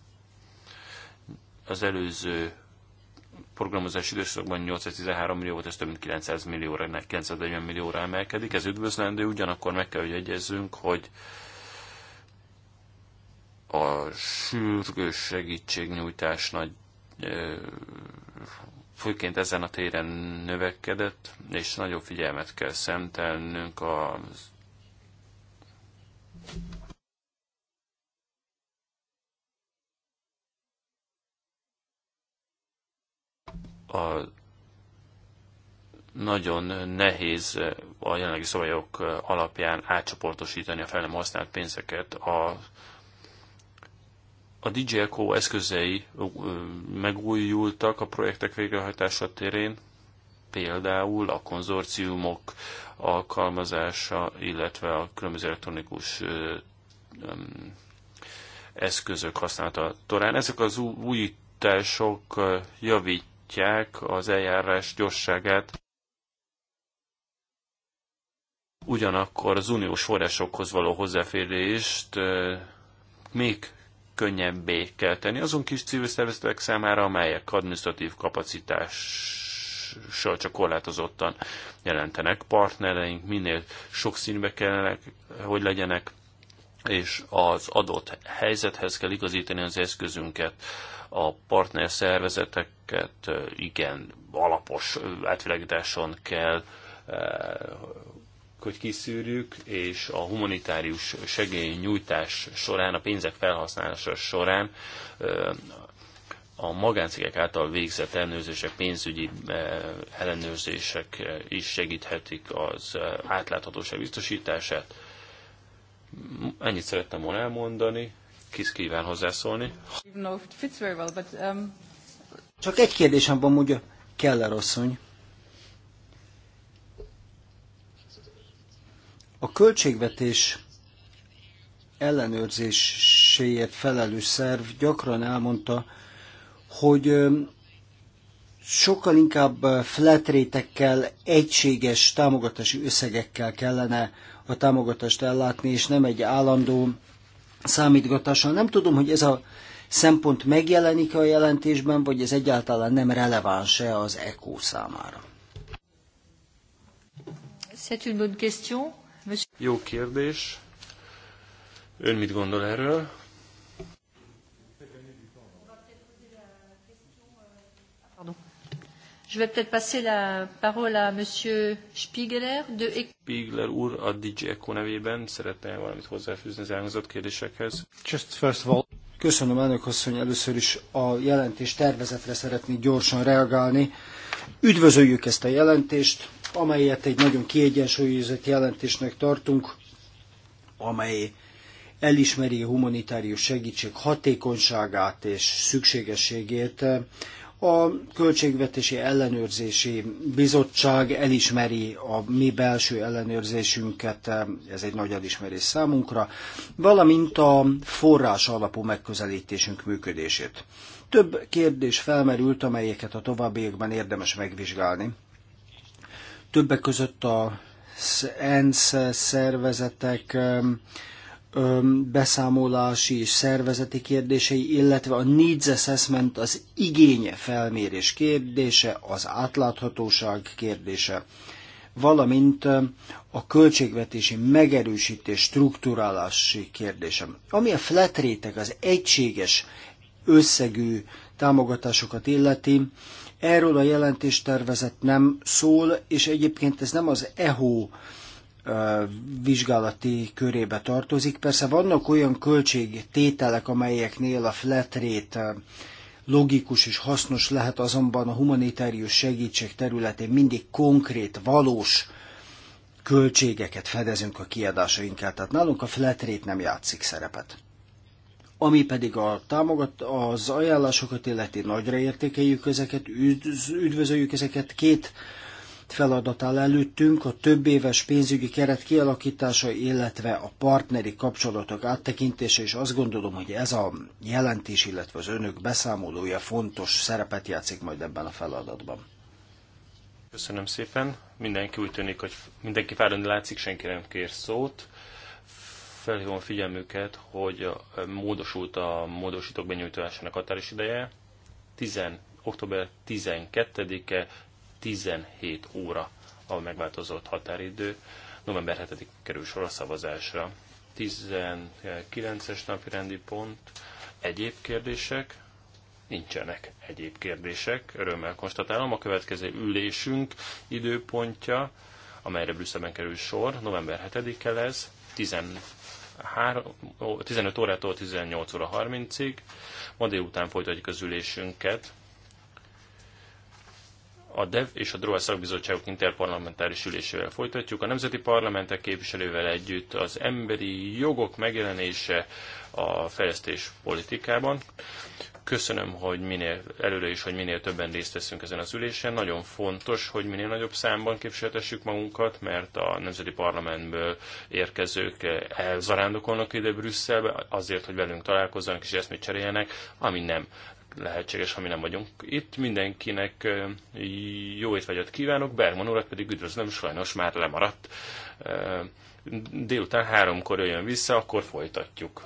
az előző programozási időszakban 813 millió volt, ez több mint 900 millióra, 940 millióra emelkedik. Ez üdvözlendő, ugyanakkor meg kell, hogy egyezzünk, hogy a sürgős segítségnyújtás nagy főként ezen a téren növekedett, és nagyobb figyelmet kell szentelnünk a a nagyon nehéz a jelenlegi szabályok alapján átcsoportosítani a fel nem használt pénzeket. A, a DJ Eco eszközei megújultak a projektek végrehajtása terén, például a konzorciumok alkalmazása, illetve a különböző elektronikus eszközök használata torán. Ezek az újítások javít javítják az eljárás gyorságát. Ugyanakkor az uniós forrásokhoz való hozzáférést még könnyebbé kell tenni azon kis civil szervezetek számára, amelyek administratív kapacitás csak korlátozottan jelentenek. Partnereink minél színbe kellene, hogy legyenek, és az adott helyzethez kell igazítani az eszközünket a partner szervezeteket igen alapos átvilágításon kell hogy kiszűrjük, és a humanitárius segélynyújtás során, a pénzek felhasználása során a magáncégek által végzett ellenőrzések, pénzügyi ellenőrzések is segíthetik az átláthatóság biztosítását. Ennyit szerettem volna elmondani. Kis kíván hozzászólni? Csak egy kérdésem van, mondja Keller rosszony? A költségvetés ellenőrzéséért felelős szerv gyakran elmondta, hogy sokkal inkább flatrétekkel, egységes támogatási összegekkel kellene a támogatást ellátni, és nem egy állandó számítgatással. Nem tudom, hogy ez a szempont megjelenik a jelentésben, vagy ez egyáltalán nem releváns-e az ECO számára. Jó kérdés. Ön mit gondol erről? Je vais peut-être passer la parole à Monsieur Spiegeler de Spiegeler úr a DJ Eco nevében szeretne valamit hozzáfűzni az elhangzott kérdésekhez. Just first of all. Köszönöm elnök asszony, először is a jelentés tervezetre szeretnék gyorsan reagálni. Üdvözöljük ezt a jelentést, amelyet egy nagyon kiegyensúlyozott jelentésnek tartunk, amely elismeri a humanitárius segítség hatékonyságát és szükségességét a Költségvetési Ellenőrzési Bizottság elismeri a mi belső ellenőrzésünket, ez egy nagy elismerés számunkra, valamint a forrás alapú megközelítésünk működését. Több kérdés felmerült, amelyeket a továbbiakban érdemes megvizsgálni. Többek között a ENSZ szervezetek beszámolási és szervezeti kérdései, illetve a needs assessment, az igénye felmérés kérdése, az átláthatóság kérdése, valamint a költségvetési megerősítés strukturálási kérdése Ami a flat réteg, az egységes összegű támogatásokat illeti, erről a jelentéstervezet nem szól, és egyébként ez nem az EHO vizsgálati körébe tartozik. Persze vannak olyan költségtételek, amelyeknél a flat rate logikus és hasznos lehet, azonban a humanitárius segítség területén mindig konkrét, valós költségeket fedezünk a kiadásainkkel. Tehát nálunk a flat rate nem játszik szerepet. Ami pedig a támogat, az ajánlásokat illeti nagyra értékeljük ezeket, üdvözöljük ezeket. Két uh, feladat áll előttünk, a több éves pénzügyi keret kialakítása, illetve a partneri kapcsolatok áttekintése, és azt gondolom, hogy ez a jelentés, illetve az önök beszámolója fontos szerepet játszik majd ebben a feladatban. Köszönöm szépen. Mindenki úgy tűnik, hogy mindenki fáradni látszik, senki nem kér szót. Felhívom a figyelmüket, hogy e, módosult a módosítók benyújtásának ideje. 10, október 12-e 17 óra a megváltozott határidő. November 7 kerül sor a szavazásra. 19-es napi rendi pont. Egyéb kérdések? Nincsenek egyéb kérdések. Örömmel konstatálom. A következő ülésünk időpontja, amelyre Brüsszelben kerül sor, november 7-e lesz, 13, 15 órától 18 óra 30-ig. Ma délután folytatjuk az ülésünket a DEV és a DROA szakbizottságok interparlamentáris ülésével folytatjuk. A nemzeti parlamentek képviselővel együtt az emberi jogok megjelenése a fejlesztés politikában. Köszönöm, hogy minél előre is, hogy minél többen részt veszünk ezen az ülésen. Nagyon fontos, hogy minél nagyobb számban képviseltessük magunkat, mert a Nemzeti Parlamentből érkezők elzarándokolnak eh, ide Brüsszelbe azért, hogy velünk találkozzanak és eszmét cseréljenek, ami nem lehetséges, ha mi nem vagyunk itt. Mindenkinek jó étvágyat kívánok, Bergman urat pedig üdvözlöm, sajnos már lemaradt. Délután háromkor jöjjön vissza, akkor folytatjuk.